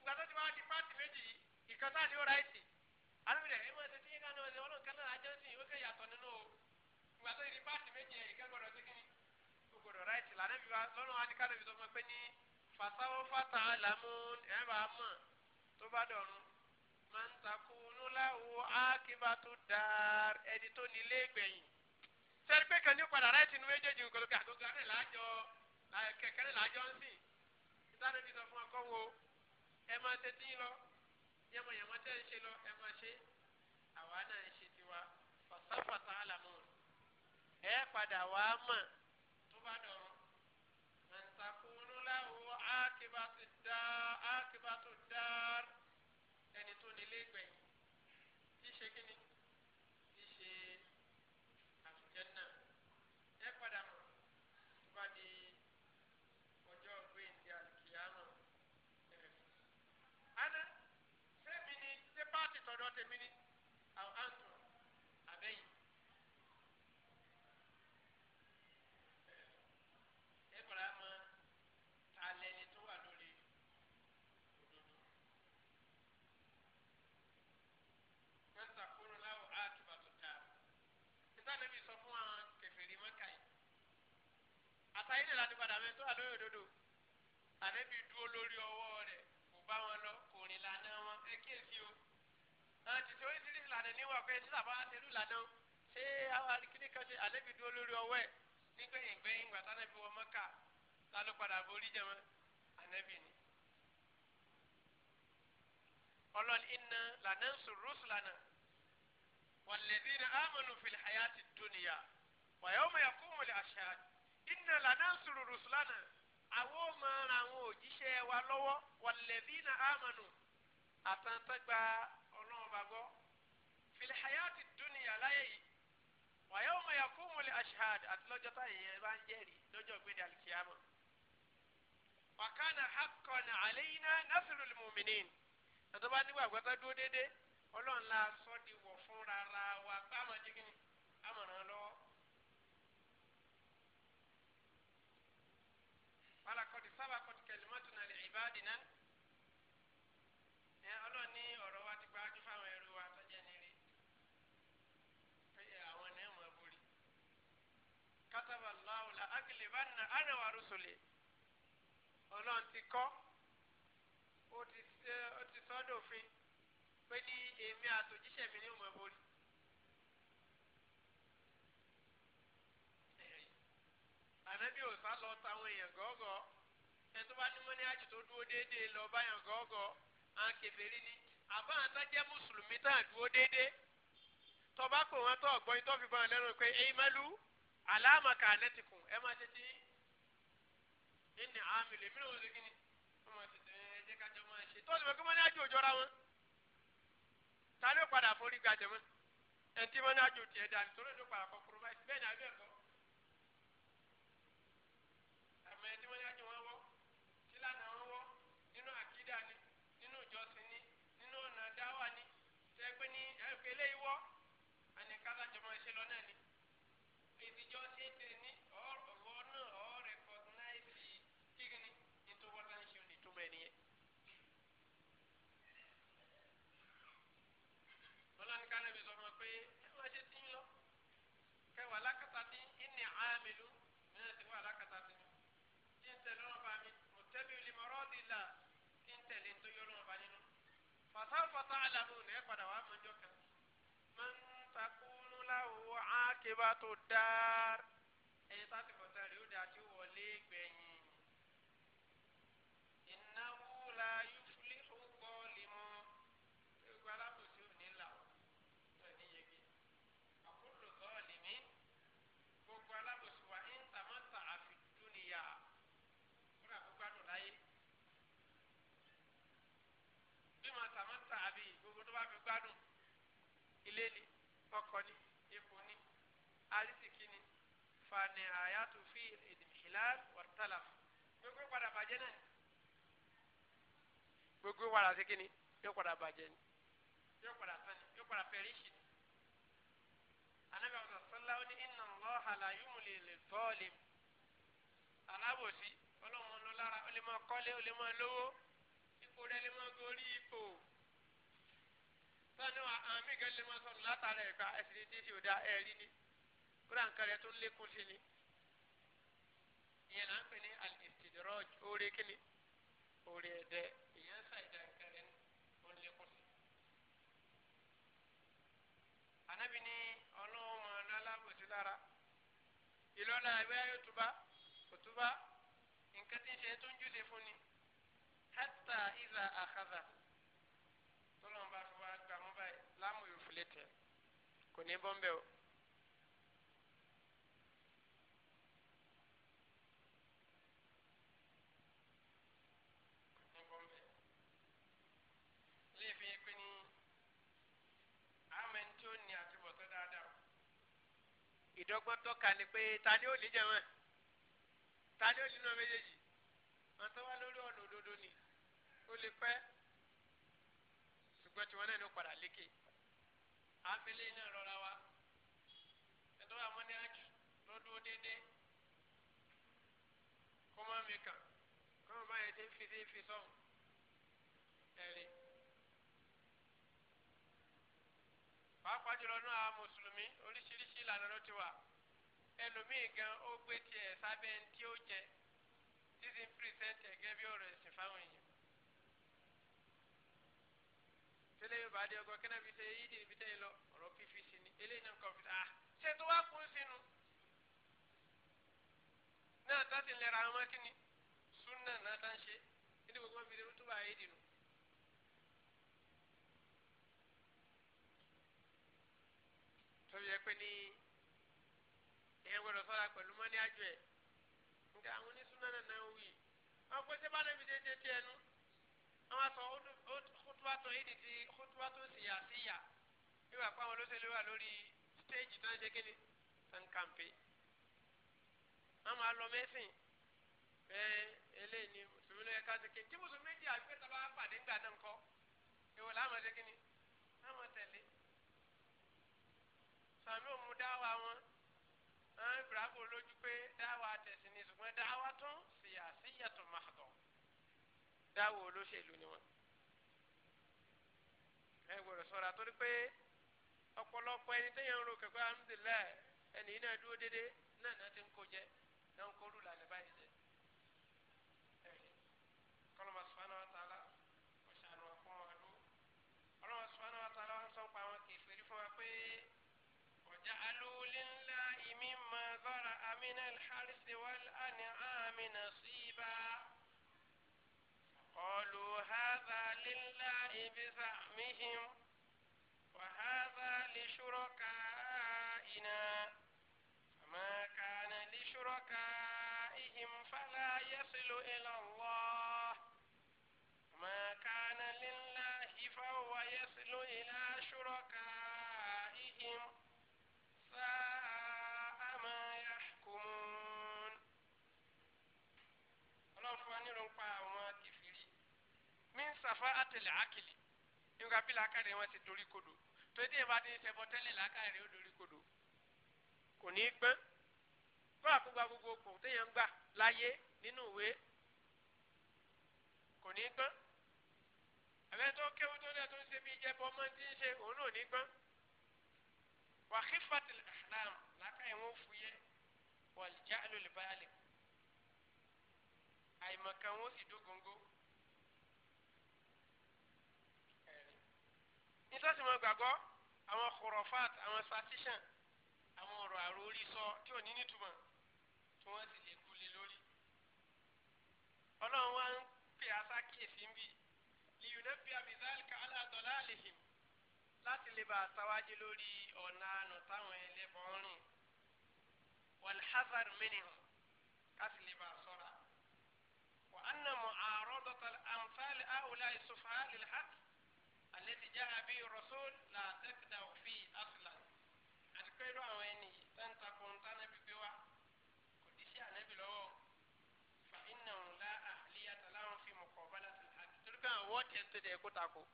nígbà tó ti wá di pàtì méjì yìí ìkan sáà ní ó ráìtì alábìrẹ̀ ẹ̀ máa ṣe tí yín kánú ẹ̀sìn ọlọ́run kan náà ajọ́sìn ó kẹ́ yàtọ̀ nínú o ìgbà tó ti di pàtì méjì yẹn ọlọ́run adìka lóbi sọ fún ẹ fata lamun ẹ bá mọ̀ tó bá dọ̀run máa ń takùnú láwo ákíbátú dáár ẹni tó nílé gbẹ̀yìn sẹ́ni pé kàn ní padà ráì tinú méjèèjì nǹkan lókè àgógó àrẹ làájọ kẹ̀kẹ́rẹ́ làájọ ń sìn ìtàn ẹbí sọ fún ọkọ wo ẹ máa tẹ́tí lọ yẹmọ̀yẹmọ̀ tẹ́ ń ṣe lọ ẹ máa ṣe àwa náà ń ṣe tiwa ọ̀sáfàtà àlàmọ́ ẹ padà wàá mọ̀ tó bá dọ̀ ákébátú dar, ákébátú dáa ẹni tó nílé gbẹ̀yìn tí ṣe kíni tí ṣe àtúnjẹ náà ẹ padà mọ̀ tó bá di ọjọ́ gbẹ̀yìndì àlùkìyàmọ̀ ana sẹ́mi ni ṣé páàtì tọ̀dọ̀ ni. yìí nìlá ti padà mẹ́tọ́ àlóyè òdodo ànábì dúró lórí ọwọ́ rẹ̀ kò bá wọn lọ kò rìn lànà wọn ẹ kíyèsí o àwọn oríṣiríṣi lànà níwà pé sísà bá lànà ṣé àwọn kíní kan ṣe ànábì dúró lórí ọwọ́ ẹ̀ nígbẹ̀yìn gbẹ̀yìn ìgbà tánàbí wọn mọ́kà ta ló padà borí jẹmọ́ ànábì ni. ọlọ́ni iná lànà ń sùn rúṣù lànà wàlẹ́dínà ámọ̀nù fìlẹ̀ àyà ti dúnìyà rusulana àwọn ò máa ran àwọn òjíṣẹ́ wa lọ́wọ́ walladhina amanu àtàntàgbà ọlọ́run bá gbọ́ fil hayati dunya láyé yìí wa yawma yakumul ashhad àti lọ́jọ́ táyé ẹ bá ń jẹ́rìí lọ́jọ́ gbẹ̀dẹ̀ alikiyama. wa kana haqqan alayna nasrul mu'minin bá nígbàgbọ́ tó dúró déédéé ọlọ́run sọ́ di wọ̀ fúnra ra wa gbàmọ́ jígínì. falakọ̀dì sábàkọ̀dì kẹlẹ́mọ́tò náà lè ìbáàdì náà ẹ eh, ọlọ́run ní ọ̀rọ̀ wa ti gbájú fáwọn ẹrú wa tọ́jẹ́ nírí pé àwọn ẹ̀ mọ̀ borí kátàbà láwùlà aglibanna ana wa rusuli ọlọ́run ti kọ́ ó ti sọ́dọ̀ òfin pé ní èmi àtòjíṣẹ́ mi ní mọ̀ borí. ànábì ò sá lọ táwọn èèyàn gọ́gọ́ ẹni tó bá ní mọ́ ní àjò tó dúró déédéé lọ báyàn gọ́gọ́ àwọn kèfèrí ni àbá àtàjẹ́ mùsùlùmí tá à dúró déédéé tọba pè wọn tó ọgbọ́n yìí tó fi bọ́n lẹ́nu pé èyí mẹ́lú àlàmàkà ànẹ́tìkùn ẹ máa tètè ẹnì àmì lèmi náà wọ́n ṣe kí ni wọ́n máa tètè ẹ jẹ́ máa ṣe tó ìgbà kí wọ́n ní àjò òjọra wọn ta ló padà forí gbàjẹ́ mọ́ ẹ̀ tí wọ́n ní àjò tiẹ̀ dà nítorí ló padà kọ́ báyìí bẹ́ẹ̀ ni àbí ẹ̀kọ́ khasibatu dar èyí tàbí bọ̀tán rèé ó dà tí ó wọlé gbẹ̀yìn. innahu la yuflihu zalimu gbogbo alábòsí ò ní là ó tẹ̀lé yege. àkúlù zalimi gbogbo alábòsí wa ń tàmọ́tà àfi dúnìyà kúrò àgbégbá dùn láyé. bí màtàmọ́tà àbí gbogbo tó bá fi gbádùn ilé ni ọkọ ni fani ayatu fi ìdìmìlán wàtálà gbogbo padà bàjẹ́ náà gbogbo wàrà sí kínní yóò padà bàjẹ́ ni yóò padà tán ni yóò padà pẹ̀ríṣì ni anabi àwọn sọlá ó ní iná lọ́ hàlà yóò lè lè tọ́ọ̀lì alábòsí ọlọ́mọ ló ó lè máa kọ́lé ó lè máa lówó ipò rẹ̀ lè máa gorí ipò sani wa àmì gẹ́gẹ́ lè máa látara ẹ̀ka ẹ̀sìn ní tí ìhòòdà ẹ̀rí ni kódà nǹkan rẹ̀ tó ń lékún sí ni ìyẹn là ń pè ní al-istidraj oore kíni oore ẹ̀dẹ́ ìyẹn ṣàìdá nǹkan rẹ̀ tó ń lékún sí. ànábì ní ọlọ́wọ́ mọ alábòsí lára ìlọ́lá ìwé ayọ́túbá òtúbá nǹkan tí ń ṣe tó ń júlẹ̀ fún ni hatta iza akhadha tọ́lọ́mùbá fi wá gbàmú báyìí lámùyò fìlẹ̀ tẹ̀ kò ní bọ́m̀bẹ́ o. dọ́gbọ́n tọ́ka ni pé ta ni ó ní jẹ́ wọn ta ni ó ní náà méjèèjì wọn tó wá lórí ọ̀nà òdodo ni ó lè pẹ́ ṣùgbọ́n tiwọn náà ni ó padà lékè àmìlẹ̀ iná rọra wa ẹ̀tọ́ àwọn ní ájú déédéé kọ́mọ́ mi kàn kọ́mọ́ báyẹn ti fi sí fi sọ́hùn. pàápàá jùlọ náà mùsùlùmí oríṣiríṣi ìlànà ló ti wà ẹlòmíì gan ó gbé tiẹ̀ sábẹ́ ń tí ó jẹ títí ń pírísẹ́ǹtì ẹ̀gẹ́ bí ọ̀rọ̀ ẹ̀sìn fáwọn èèyàn. tẹ́lẹ̀ yóò bá dé ọgọ́ kí náà fi ṣe yídì níbi tẹ́lẹ̀ lọ ọ̀rọ̀ pvc ni eléyìí náà kàn fi ṣe ah ṣé tó wá kún sínú. náà tó ti lẹ́ra àwọn mọ́kínni súnà náà tá ń ṣe nítorí gbogbo wọn fi ṣe rútúbà yídì nù. yẹ pé ní èèyàn gbọdọ̀ sọ́ra pẹ̀lú mọ́ni àjọ ẹ̀ nga àwọn onísúná nana wí wọn pèsè bá nàbí déédéé tiẹ̀ nu wọn sọ kótóbátó yìí dìtì kótóbátó síyàsíyà ìwà pa àwọn olóṣèlú wà lórí stéèjì tó ń ṣe kíni tó ń kàmpé wọn eléyìí ni mùsùlùmí ló yẹ ká ṣe kíni tí mùsùlùmí méjì àgbẹ̀ pàdé ńgbà náà ńkọ́ ṣe kíni láwọn tẹ̀lé àmì òmu dáwà wọn àwọn ìbúrakò lójú pé dáwà tẹ̀sí ni ṣùgbọ́n dáwà tún síyà síyàtọ̀ màdọ̀ dáwà olóṣèlú ni wọn. ẹ gbọ́dọ̀ sọ̀rọ̀ àtọ́rí pé ọ̀pọ̀lọpọ̀ ẹni tẹ́yẹ̀ ń ro kẹ̀kọ́ alhamdulilayi ẹni yìí náà dúró déédéé náà náà ti ń kó jẹ náà ń kó rúlà lẹ́ نصيبا قالوا هذا لله بزعمهم وهذا لشركائنا فما كان لشركائهم فلا يصل إلى الله وما كان لله فهو يصل إلى شركائهم safa àtẹlẹ àkìlì nígbà bí làákàrẹ wọn ti dorí kodò tó dé ìbá ti ṣẹbọ tẹ́lẹ̀ làákàrẹ ó dorí kodò kò ní í gbọ́n fún àkógbà gbogbo kò téèyàn ń gbà láyé nínú ìwé kò ní í gbọ́n àbẹ́rẹ́ tó kéwú tó dẹ́ tó ń ṣe bí ìjẹ́bọ ọmọ tí ń ṣe òun náà ní gbọ́n wàhífàtì àhàlám làákàrẹ wọn fúyẹ́ wàlìjà lólebalẹ̀ àìmọ̀kan wọn sì dógóńgó. sì máa gbàgbọ́ àwọn khurafat àwọn satishan àwọn ọ̀rọ̀ àròrí sọ tí ò ní nítumọ̀ tí wọ́n sì lè kulè lórí. ọlọ́run wá ń pè asákìyèsí ń bì liyunabbi bizalika ala dalalihim láti lè bá àtàwájú lórí ọ̀nà àná táwọn ẹlẹ́bọ̀ rìn walhazar minhum káti lè bá sọ́ra. wa anna mu'aradata amthal haula sufaha lil haqq. الذي جاء به الرسول لا تبدأ فيه أصلا أتكلم عن أني تنتقون تنبي بوا كدسي النبي لو فإنه لا أهلية لهم في مقابلة الحق تلك وقت تدعي كتاكو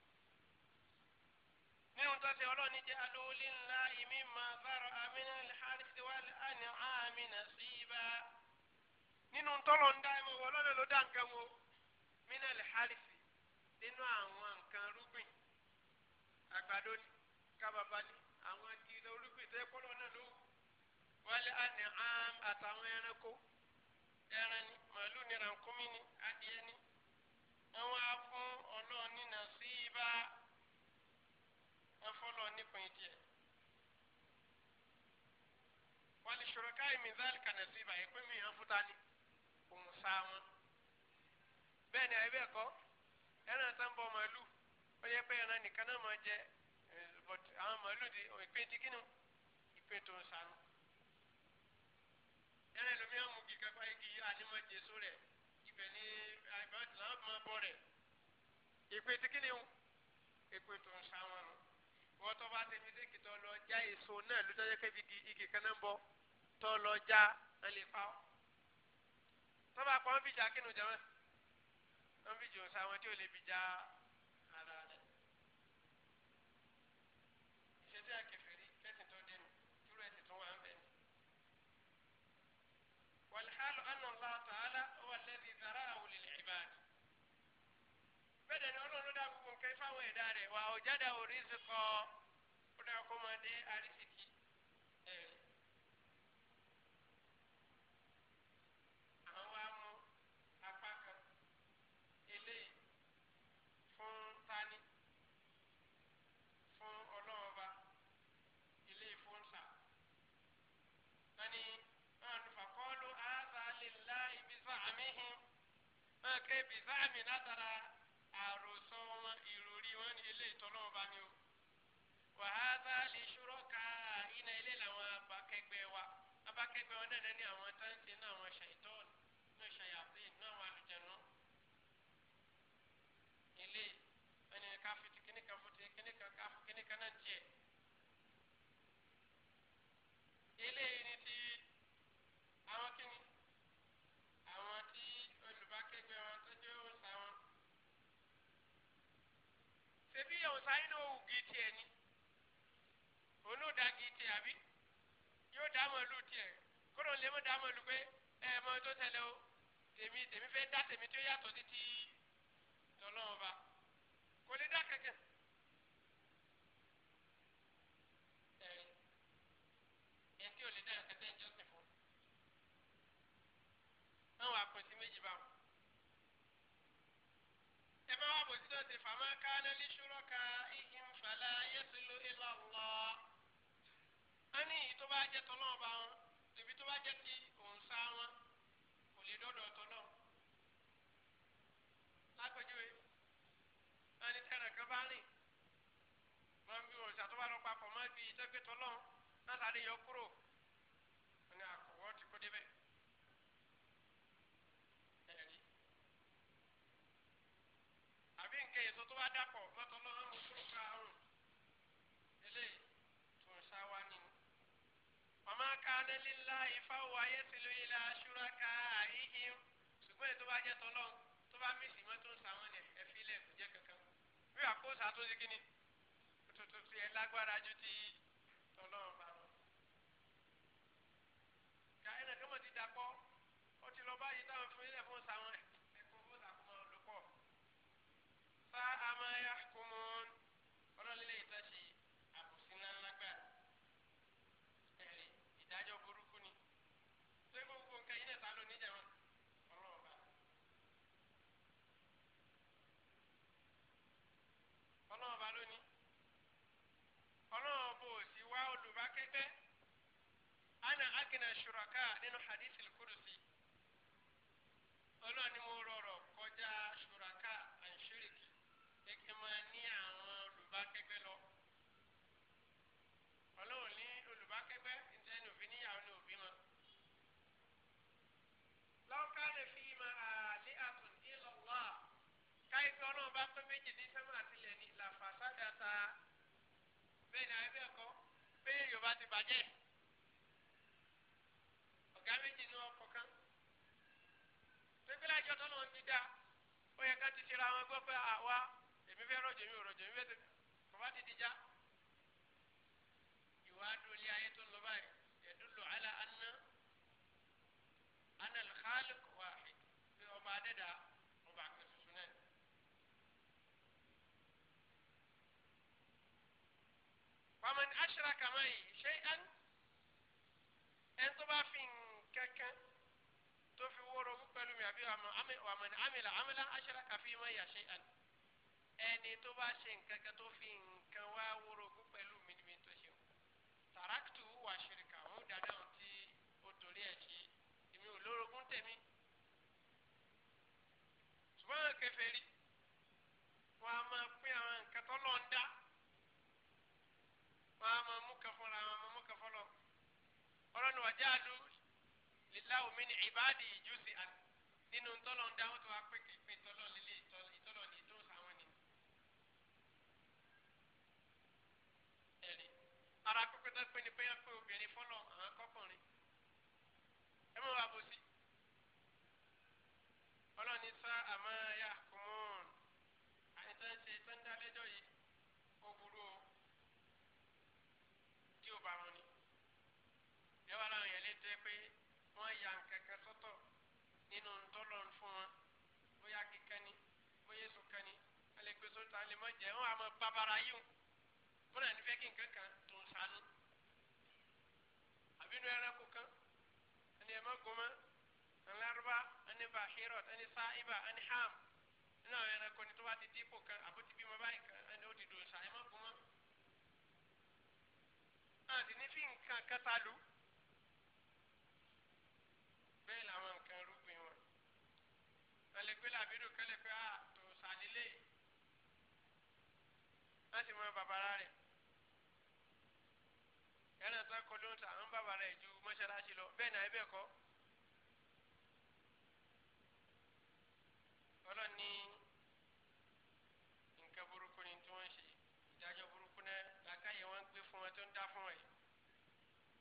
ní ohun tó ṣe ọlọ́ọ̀ni jẹ́ alóòlì ńlá ìmí máa bára amínà lẹ́hàrísí wà ní àmínà sí ibà. nínú tọ́lọ̀ ń dá ẹ̀mọ́ wọ́n lọ́dọ̀ ló dá nǹkan wo mínà lẹ́hàrísí nínú àwọn nǹkan rúgbìn àgbàdo ni kábàbà ni àwọn igi olùgbìn tó yẹ kọ́ lọ́nà ló wálé àná àm àtàwọn ẹranko ẹran ni màálù ni rànkúmí ni adìẹ ni àwọn afún ọlọ́run nínà sí ibà ẹfọlọ́ nípìn ìdíyẹ. wálé ṣòro káyìí mi kànà sí ibà yìí pé mi hàn fúta ni òun sá wọn bẹ́ẹ̀ ni àyè ẹran tó ń bọ màálù ó yẹ pé ẹran nìkan náà máa jẹ but àwọn màálù di ìpè ti kínú ìpè tó ń sanu ẹran ẹlòmíà mú igi kápá igi ànímọ̀ jésù rẹ̀ ibẹ̀ ní àìbáwọ̀tì làwọn máa bọ̀ rẹ̀ ìpè ti kínú ìpè tó ń sanu nù wọ́n tó bá ti fi dé kìtọ́ lọ já èso náà ló jẹ́ kẹ́bi igi kan náà bọ̀ tó lọ já ẹ lè pa ọ́ tọ́ba pa ọ́n bìjà kínú jẹ́ wọn ọ́n bìjà òsà tí ò lè bìjà ọ́. iṣẹ́ àkẹfẹ̀rí kẹ́sìn tó dénú irú ẹ̀sìn tó wà ń bẹ̀ ni. wàlhálù anna Allah ta'ala huwa alladhi dhara'ahu lil ibad. ni ọlọ́run gbogbo nǹkan ifáwọn ẹ̀dá rẹ̀ wà ọ̀jáda orí zikọ́ pé bisáàmì látara àròsọ wọn ìròrí wọn ní ilé ìtọ́lọ́wọ́n bá ní o wàhálà lè ṣòro ká iná ilé làwọn abakẹgbẹ wa abakẹgbẹ wọn dẹdẹ ní àwọn táǹtì náà wọn ṣàìtọ́ọ̀nù náà ṣàyàfẹ́ náà wọn àlùjẹ̀nu ilé ẹni ká fi kíní kan fún kíní kan ká fún kíní kan náà tiẹ̀ ilé yìí. yɛ o saa ɛna owu gi tiɛ ni onu da gi tiɛ yóò dá ma lu tiɛ kóró lé mo dá ma lu pé ɛ mọ tó tẹlẹ o tèmi tèmi fẹ dá tèmi tó yàtọ̀ títí tọlọ́wọ́ kò lè dá kankan. ẹ tí o lè dá kankan jọ́sìn fún. àwọn àpòtí méjì báwọn. ni fama kana li shuraka'ihim fala yasilu ila Allah. wọ́n ní èyí tó bá jẹ́ tọ́lọ́ọ̀bá wọn tèmi tó bá jẹ́ ti òǹsà wọn kò lè dọ́dọ̀ tọ́lọ́. lápẹjúwe wọ́n ní tẹ̀rẹ̀ kan bá rìn wọ́n bí bá lọ papọ̀ mọ́ ibi ìtẹ́gbẹ́tọ́lọ́ náà sáré yọ kúrò. wá dàpọ̀ mọ́tò lọ́rùn tó ká rò eléyìí tó ń ṣáwá nínú. ọmọ kan lílá ìfáwọ ayé ti lu ilé aṣúra ká àyíkí ṣùgbọ́n ètò bá jẹ́ tọ́lọ́ tó bá mí ìsìnmọ́ tó ń sàwọn ẹ̀ ẹ̀fí ilẹ̀ kò jẹ́ kankan. bí àkóso àtúnṣe kínní tuntun ti ẹ̀ lágbára ju ti tọ́lọ́run bá wọn. kàyẹ́nà kí wọ́n ti dàpọ̀ ó ti lọ báyìí táwọn fún ilẹ̀ fún sàwọn ẹ̀. ساء ما يحكمون ọlọ́run lè ta ṣe àbòsí ńlá ńlá gbà ẹ̀rì ìdájọ́ burúkú ni tó ń gbogbo nǹkan yìí náà ta ló níjà wọn ọlọ́run bá ọlọ́run bá lónìí ọlọ́run bò sí wá olùbákẹ́gbẹ́ ana akina shuraka nínú hadith al-kudusi ni mo rọrọ̀ kọjá shuraka. olùbákẹ́gbẹ́ lọ ọlọ́run ní olùbákẹ́gbẹ́ nítorí ní òbí níyàwó ní òbí mọ́ lọ́ọ̀ká lè fi ìmọ̀ àlẹ́ àtúndí lọ́wọ́ à káyọ̀tọ́ náà bá pé méjì ní sẹ́mu àtìlẹ̀ ní ìlàfà sábẹ́ta bẹ́ẹ̀ ni àwọn ẹgbẹ́ ẹ̀kọ́ pé yorùbá ti bàjẹ́ ọ̀gá méjì ní ọkọ̀ kan pépé tọ́lọ́ ń ti dá ó yẹ ká ti ṣe ra wọn gbọ́ pé àwa èmi fẹ́ rọ̀jò mi ò rọ̀jò mi fẹ́ tẹ̀lé bàbá ti dìjà ìwà àdúlé ayé tó ń lọ báyìí yadullu ala anna anna al-khaliq wahid pé ọba adẹ́dà ọba akẹ́sọ̀sọ̀ náà. faman ashraka ma'i shay'an ẹni tó bá fi kankan tó fi wọ́rọ̀ mú pẹ̀lú mi àbí wàmọ̀ àmì wàmọ̀ àmì là àmì là ashraka fi ma'i shay'an ẹni tó bá ṣe nǹkan kan tó fi nǹkan wá wórogún pẹ̀lú mi níbi tó ṣe tàràkìtù wà ṣìrìkà ó dáná ohun tí ó torí ẹ̀ ṣe èmi ò lórogún tèmi ṣùgbọ́n kèfèrí wọn a máa pín àwọn nǹkan tó lọ́ọ́ ń dá wọn a máa mú kan fọlọ àwọn máa mú kan fọlọ ọlọ́nu wàjáàdú lílá omi ní ìbáàdì ìjúsì àná nínú tọ́lọ́ ń dá wọn tó wá pé kí pé tọ́lọ́ lílé. ara kókó tó pé ni pe yẹn pé obìnrin fọlọ hàn kọkùnrin ẹ mọ̀ wá bó ọlọ́ni sá àmọ́ yà kùmọ́ọ̀n àyíká ṣe tó ń dálẹ́jọ́ yìí ó burú o tí ó bá wọn ni. yẹ́wọ́ aláwọ̀ yẹn lé tẹ́ pé wọ́n ya nǹkan kan sọ́tọ̀ nínú ntọ́lọ̀ fún wọn bóyá kíkan ni bóyá èso kan ni alẹ́ gbèsò ta lè mọ̀ jẹ́ wọ́n àmọ́ bàbàrà yìí o wọ́n náà nífẹ̀ẹ́ kí nǹkan kan nínú ẹranko kan ẹni ẹ̀ má goma ẹni larba ẹni bahirot ẹni saiba ẹni ham nínú àwọn ẹranko ni tó bá ti dípò kan àbótí bí mo báyìí kan ẹni ó ti dùn ṣá ẹ má goma. àti ní fi nǹkan kẹta lu bẹ́ẹ̀ làwọn nǹkan rúgbìn wọn ẹlẹgbẹ́ làbídò kẹlẹ́pẹ́ àtòsàlélẹ́yìn ah, láti mọ bàbá rẹ̀ ẹran tán kọ ló ń ta àwọn bàbá rẹ̀ ju mọ́ṣáláṣí lọ bẹ́ẹ̀ náà ẹbẹ̀ kọ́. ọlọ́ni nǹkan burúkú ni tí wọ́n ń ṣe ìdájọ́ burúkú náà làkàyè wọn gbé fún wọn tó ń dá fún wọn yìí.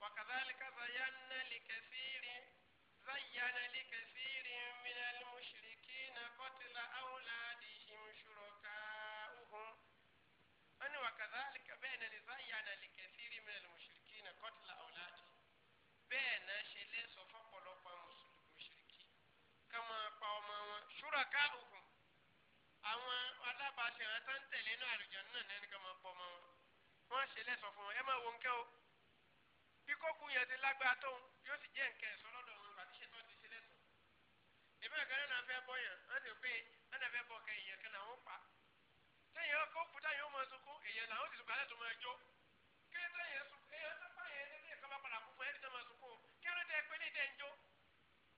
وكذلك زينا لكثير زين لكثير من المشركين قتل أولادهم شركاؤهم أن وكذلك بين زين لكثير bẹ́ẹ̀ náà ṣe lé sọ fọ́pọ̀lọpọ̀ mùsùlùmí mùṣírìkí ká máa pa ọmọ wọn ṣúraka ògùn àwọn alábàáṣe àwọn tó ń tẹ̀lé inú àlùjànnú náà nẹ́ni ká máa pọ̀ ọmọ wọn wọ́n ṣe lé sọ fún wọn ẹ máa wo nǹkẹ́ o bí kókun yẹn ti lágbára tó yóò sì jẹ́ nǹkẹ́ ẹ̀sọ́ lọ́dọ̀ wọn àti ṣe tó ti ṣe lẹ́sọ̀ ìbí ẹ̀ka náà fẹ́ bọ́ yẹn wọ́n ti pé wọ́n náà fẹ́ bọ́ kẹ́ ìyẹn kan àwọn pa tẹ́yìn ọkọ̀ òkúta yóò máa sunkún èèyàn làwọn ti sùn kálẹ̀ tó máa jó kí padà kú fún ẹ̀rí tó máa sunkún o kí ló dé pé ní ìdẹ́ njó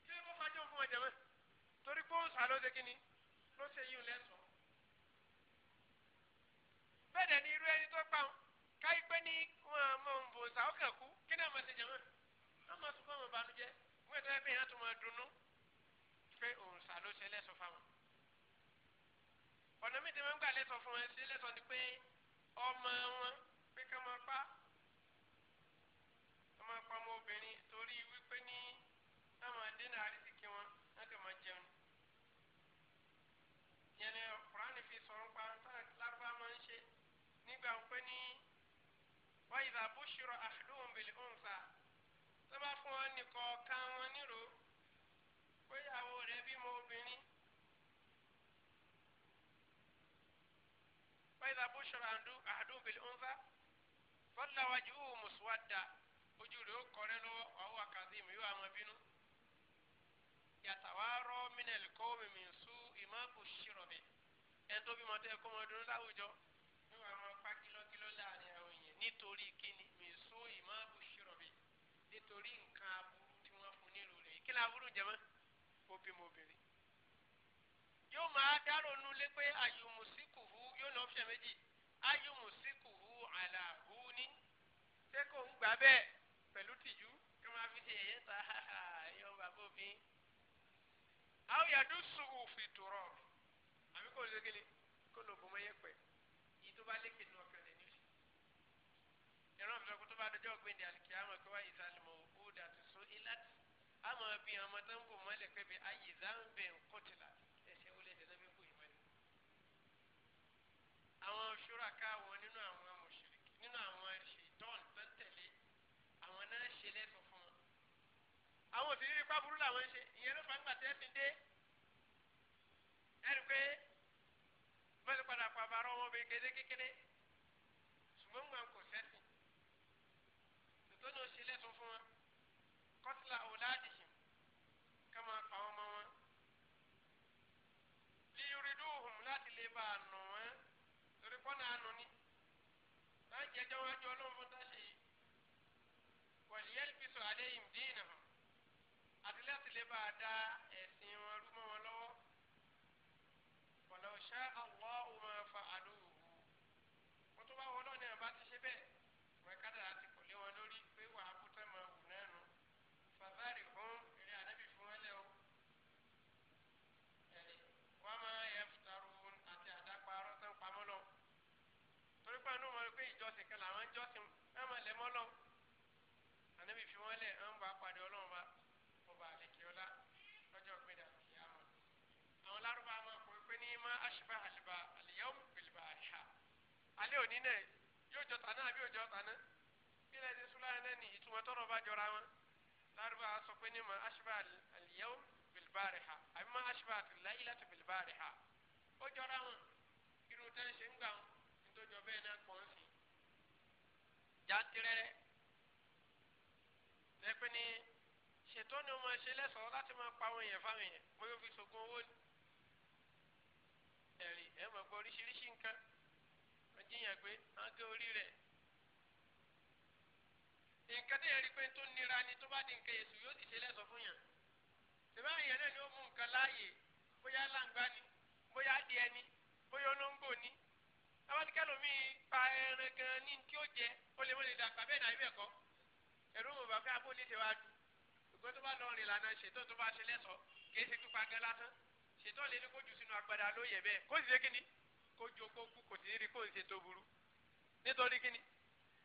kí ló fà jó fún ọjà mọ́ torí pé òun sàlọ́ ṣe kíni ló ṣe yí lẹ́sọ̀ bẹ́ẹ̀ dẹ̀ ni irú ẹni tó gbà káyí pé ní wọn àmọ́ ń bò sá ọkàn kú kí náà máa ṣe jẹ mọ́ wọn máa sunkún ọmọ ìbànújẹ́ wọn ìtọ́ ẹgbẹ́ yẹn tó máa dunnú pé òun sàlọ́ ṣe lẹ́sọ̀ fáwọn ọ̀nà mi ti máa ń gbà lẹ́sọ̀ fún ẹ sí lẹ́sọ̀ ni pé ọmọ wọn pé ká máa pa ọmọbìnrin torí wípé ní wọn máa dènà àrísìkí wọn wọn kàn máa jẹun yẹn ni kùránì fi sọ̀rọ̀ pa lárúbá máa ń ṣe nígbà wípé ní wọ́n ìdá bushira ahaduhum bil unsa tó bá fún wọn nìkan kan wọn nírò pé ìyàwó rẹ̀ bímọ obìnrin. wọ́n ìdá bushira ahaduhum bil unsa fọ́lá wájú muswadda ojú rẹ̀ ó kọ́rẹ́ lọ́wọ́ ọ̀hún akazeem yóò àmọ́ bínú. yàtàwárọ̀ minel kọ́ mímì sú ìmáàbù ṣìrọ̀bì ẹni tó bímọ tẹ́ kọ́ ọmọdún láwùjọ yóò àmọ́ pa kìlọ́kìlọ́ láàrin àwọn èèyàn nítorí kíni mímì sú ìmáàbù ṣìrọ̀bì nítorí nǹkan aburú tí wọ́n fún nílùú rẹ̀ kí láburú jẹ́ mọ́ ó obìnrin. yóò máa dárò nulẹ̀ pé àyùmùsíkùhù yóò lọ́ọ́ fẹ́ méjì àyùmùsíkùhù àlàhù ní ṣé kò ń gbà bẹ́ẹ̀ pẹ̀lú tìjú kí wọ́n fi ṣe yẹ̀yẹ́ ta ẹ̀yọ́ bàbá òfin. àwọn yàtọ̀ sùn fi tòrọ̀ àbí kò lè kele kó lò bọ́ mọ́yẹ́ pẹ̀ yìí tó bá lékè nù ọ̀kẹ́ lẹ̀ níbi. ìran sọ pé tó bá dọjọ́ gbẹ̀ndẹ̀ àlùkí àmọ́ pé wáyé ìsàlùmọ̀ òkú dàtú sún iláàtì àmọ́ bí ọmọ tó ń bò mọ́lẹ̀ pé bí ayé dáhùn àwọn ṣe ìyẹn ló fàá gbàtẹ́ fi dé ẹ̀rí pé mẹ́lẹ̀ padà pàbàrọ̀ wọn bẹ kéde kékeré. òní náà yóò jọ tàná àbí òjọ tàná bí lẹ́yìn tí sùlá náà ní ìtumọ̀ tọrọ bá jọra wọn lárúbá sọ pé ní ma aṣọ àlìyáwó bilbaari ha àbí ma aṣọ àtìláyé láti bilbaari ha ó jọra wọn irun tẹ́ ń ṣe ń gbà wọn nítorí bẹ́ẹ̀ náà pọ̀ ń sìn jantirẹ́rẹ́ lẹ́pẹ́ ni ṣètò ni wọ́n ṣe lẹ́sọ̀ọ́ láti máa pa àwọn èèyàn fáwọn èèyàn bóyá ó fi sògùn owó ni. yàn gbé wọn gé orí rẹ̀ nǹkan tó yẹ rí pé tó nira ni tó bá di nǹkan èṣù yóò sì ṣe lẹ́sọ̀ fún yàn ṣèbá èèyàn náà ni ó mú nǹkan láàyè bóyá láǹgbá ni bóyá adìẹ ni bóyá olóńgbò ni abátikẹ́ lomi pa ẹran gan ní tí ó jẹ ó lè mọ́lẹ̀ dàgbà bẹ́ẹ̀ náà ibẹ̀ kọ́ ẹ̀rú mo bàbá abó ní ṣe wá dùn ìgbọ́n tó bá lọ rìn lànà ṣètò tó bá ṣe lẹ́sọ̀ kì í ṣe pípa gan lásán ṣètò lè ní kó jù sínú agbada ló yẹ bẹ́ẹ̀ kó sì ṣe kíni kó joko kú kò sí rí kó ń ṣe tó burú nítorí kíni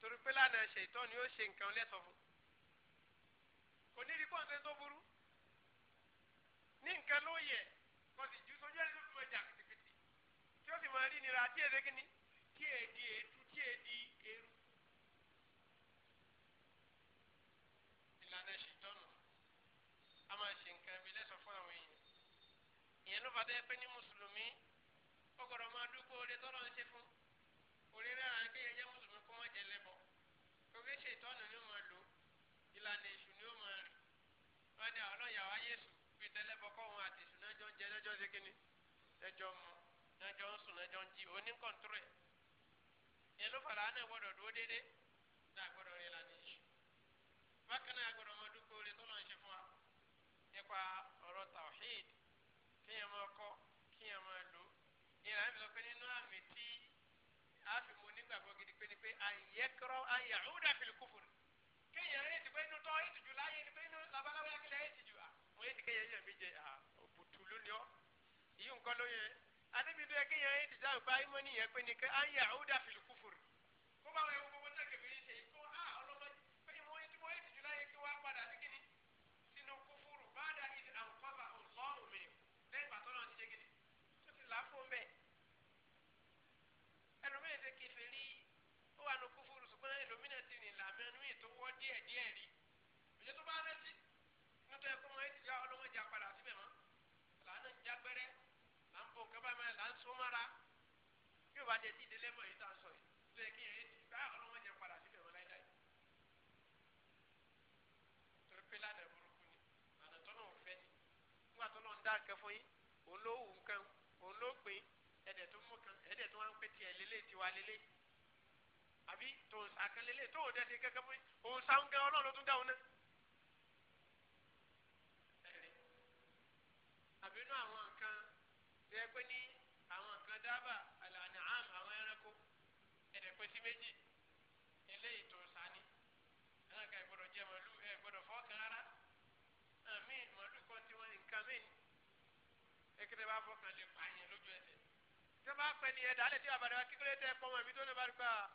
torí pé lánàá ṣe ìtọ́ ni ó ṣe nǹkan lẹ́tọ̀ fún kò ní rí kó ń ṣe tó burú ní nǹkan ló yẹ kó sì ju sójú ẹni tó fi ọjà kìtìkìtì tí ó sì máa rí nira tí èdè kíni tí èdè ètú tí èdè eru. ìlànà ṣètọ́nù a máa ṣe nǹkan ibi lẹ́tọ̀ fún àwọn èèyàn ìyẹn ló fà dé pé ní mùsùlùmí ọgọdọ máa dúpọ orí tọrọ ń ṣe fún orí rẹ àwọn akéèyàn jẹ mùsùlùmí kó wọn jẹ lẹbọ torí ṣe ìtọ́nù ni ó máa lò ìlànà èṣù ni ó máa rìn wọn ni àwọn ọlọ́yà wa yéṣù fi tẹlẹbọ kọ́ wọn àti èṣù náà jọ ń jẹ lọ́jọ́ ṣe kíni lẹ́jọ́ mu lẹ́jọ́ ń sùn lẹ́jọ́ ń jí oníkọ̀ntúrẹ̀ yẹn ló fara náà gbọ́dọ̀ dúró dédé dá gbọ́dọ̀ rìn ìlànà èṣù bákan náà gbọ́dọ̀ máa dúpọ orí tọ́lọ́ ń ṣe fún wa nípa ọ̀rọ̀ tàwíìd kéèyàn máa kọ́ ìyẹn láti sọ pé nínú àmì tí a fi mú nígbàgbọ́ gidi pé ni pé àyẹ̀kọ́rọ́ àyàhúdà fìlìkùfùrù kéèyàn yé ti pé inú tọ́ ètùjù láyé ni pé inú labalábá yá kílẹ̀ ètùjù à wọ́n yé ti kéèyàn yé mi jẹ òbùtù lónìí ọ́ ìyí nǹkan ló yẹ adébídó yẹ kéèyàn yé ti dáhùn báyìí mọ́ níyẹn pé ni pé àyàhúdà fìlìkùfùrù kó bá wọn bá dé tí ìdílé mọ̀ yìí tá a sọ yìí tó yẹ kí yẹn bá ọlọ́wọ́ jẹ padà síbẹ̀ wọn láyé dáyé. torí pé ládàá burúkú ni àná tọ́nà ò fẹ́ ni nígbà tọ́nà ń dá nǹkan fún yín òun ló wù nǹkan òun ló pín ẹ̀dẹ̀ tó mú kan ẹ̀dẹ̀ tó wá ń pẹ́ tiẹ̀ lélẹ̀ tiwa lélẹ̀ àbí tòun sàkán lélẹ̀ tóun dẹ́ ti kẹ́kẹ́ fún yín òun sàǹgẹ́ ọlọ́run ló tún dáhùn náà. àbínú àwọn nǹkan tó yẹ pé ní àwọn nǹkan dábàá méjì eléyìí tó sani ẹnà ká ìgbọ́dọ̀ jẹ màálù ẹ gbọ́dọ̀ fọkàn ara àmì màálù kan tí wọn nǹkan mí ekele bá fọkàn lè pa yẹn lójú ẹsẹ̀ tí wọn bá pẹ ní ẹ̀dá alẹ tí wọn bàdàbà kékeré tẹ pọmọ ẹbí tó lè bá gbà ah,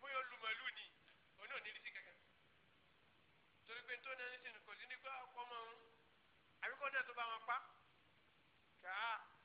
bóyá olú màálù ni òun náà níbi sí kẹkẹ torí pé tó náà ní sinmi kò sí ní gbà pọmọ òun àbíkọ́ náà tó bá wọn pa kàá.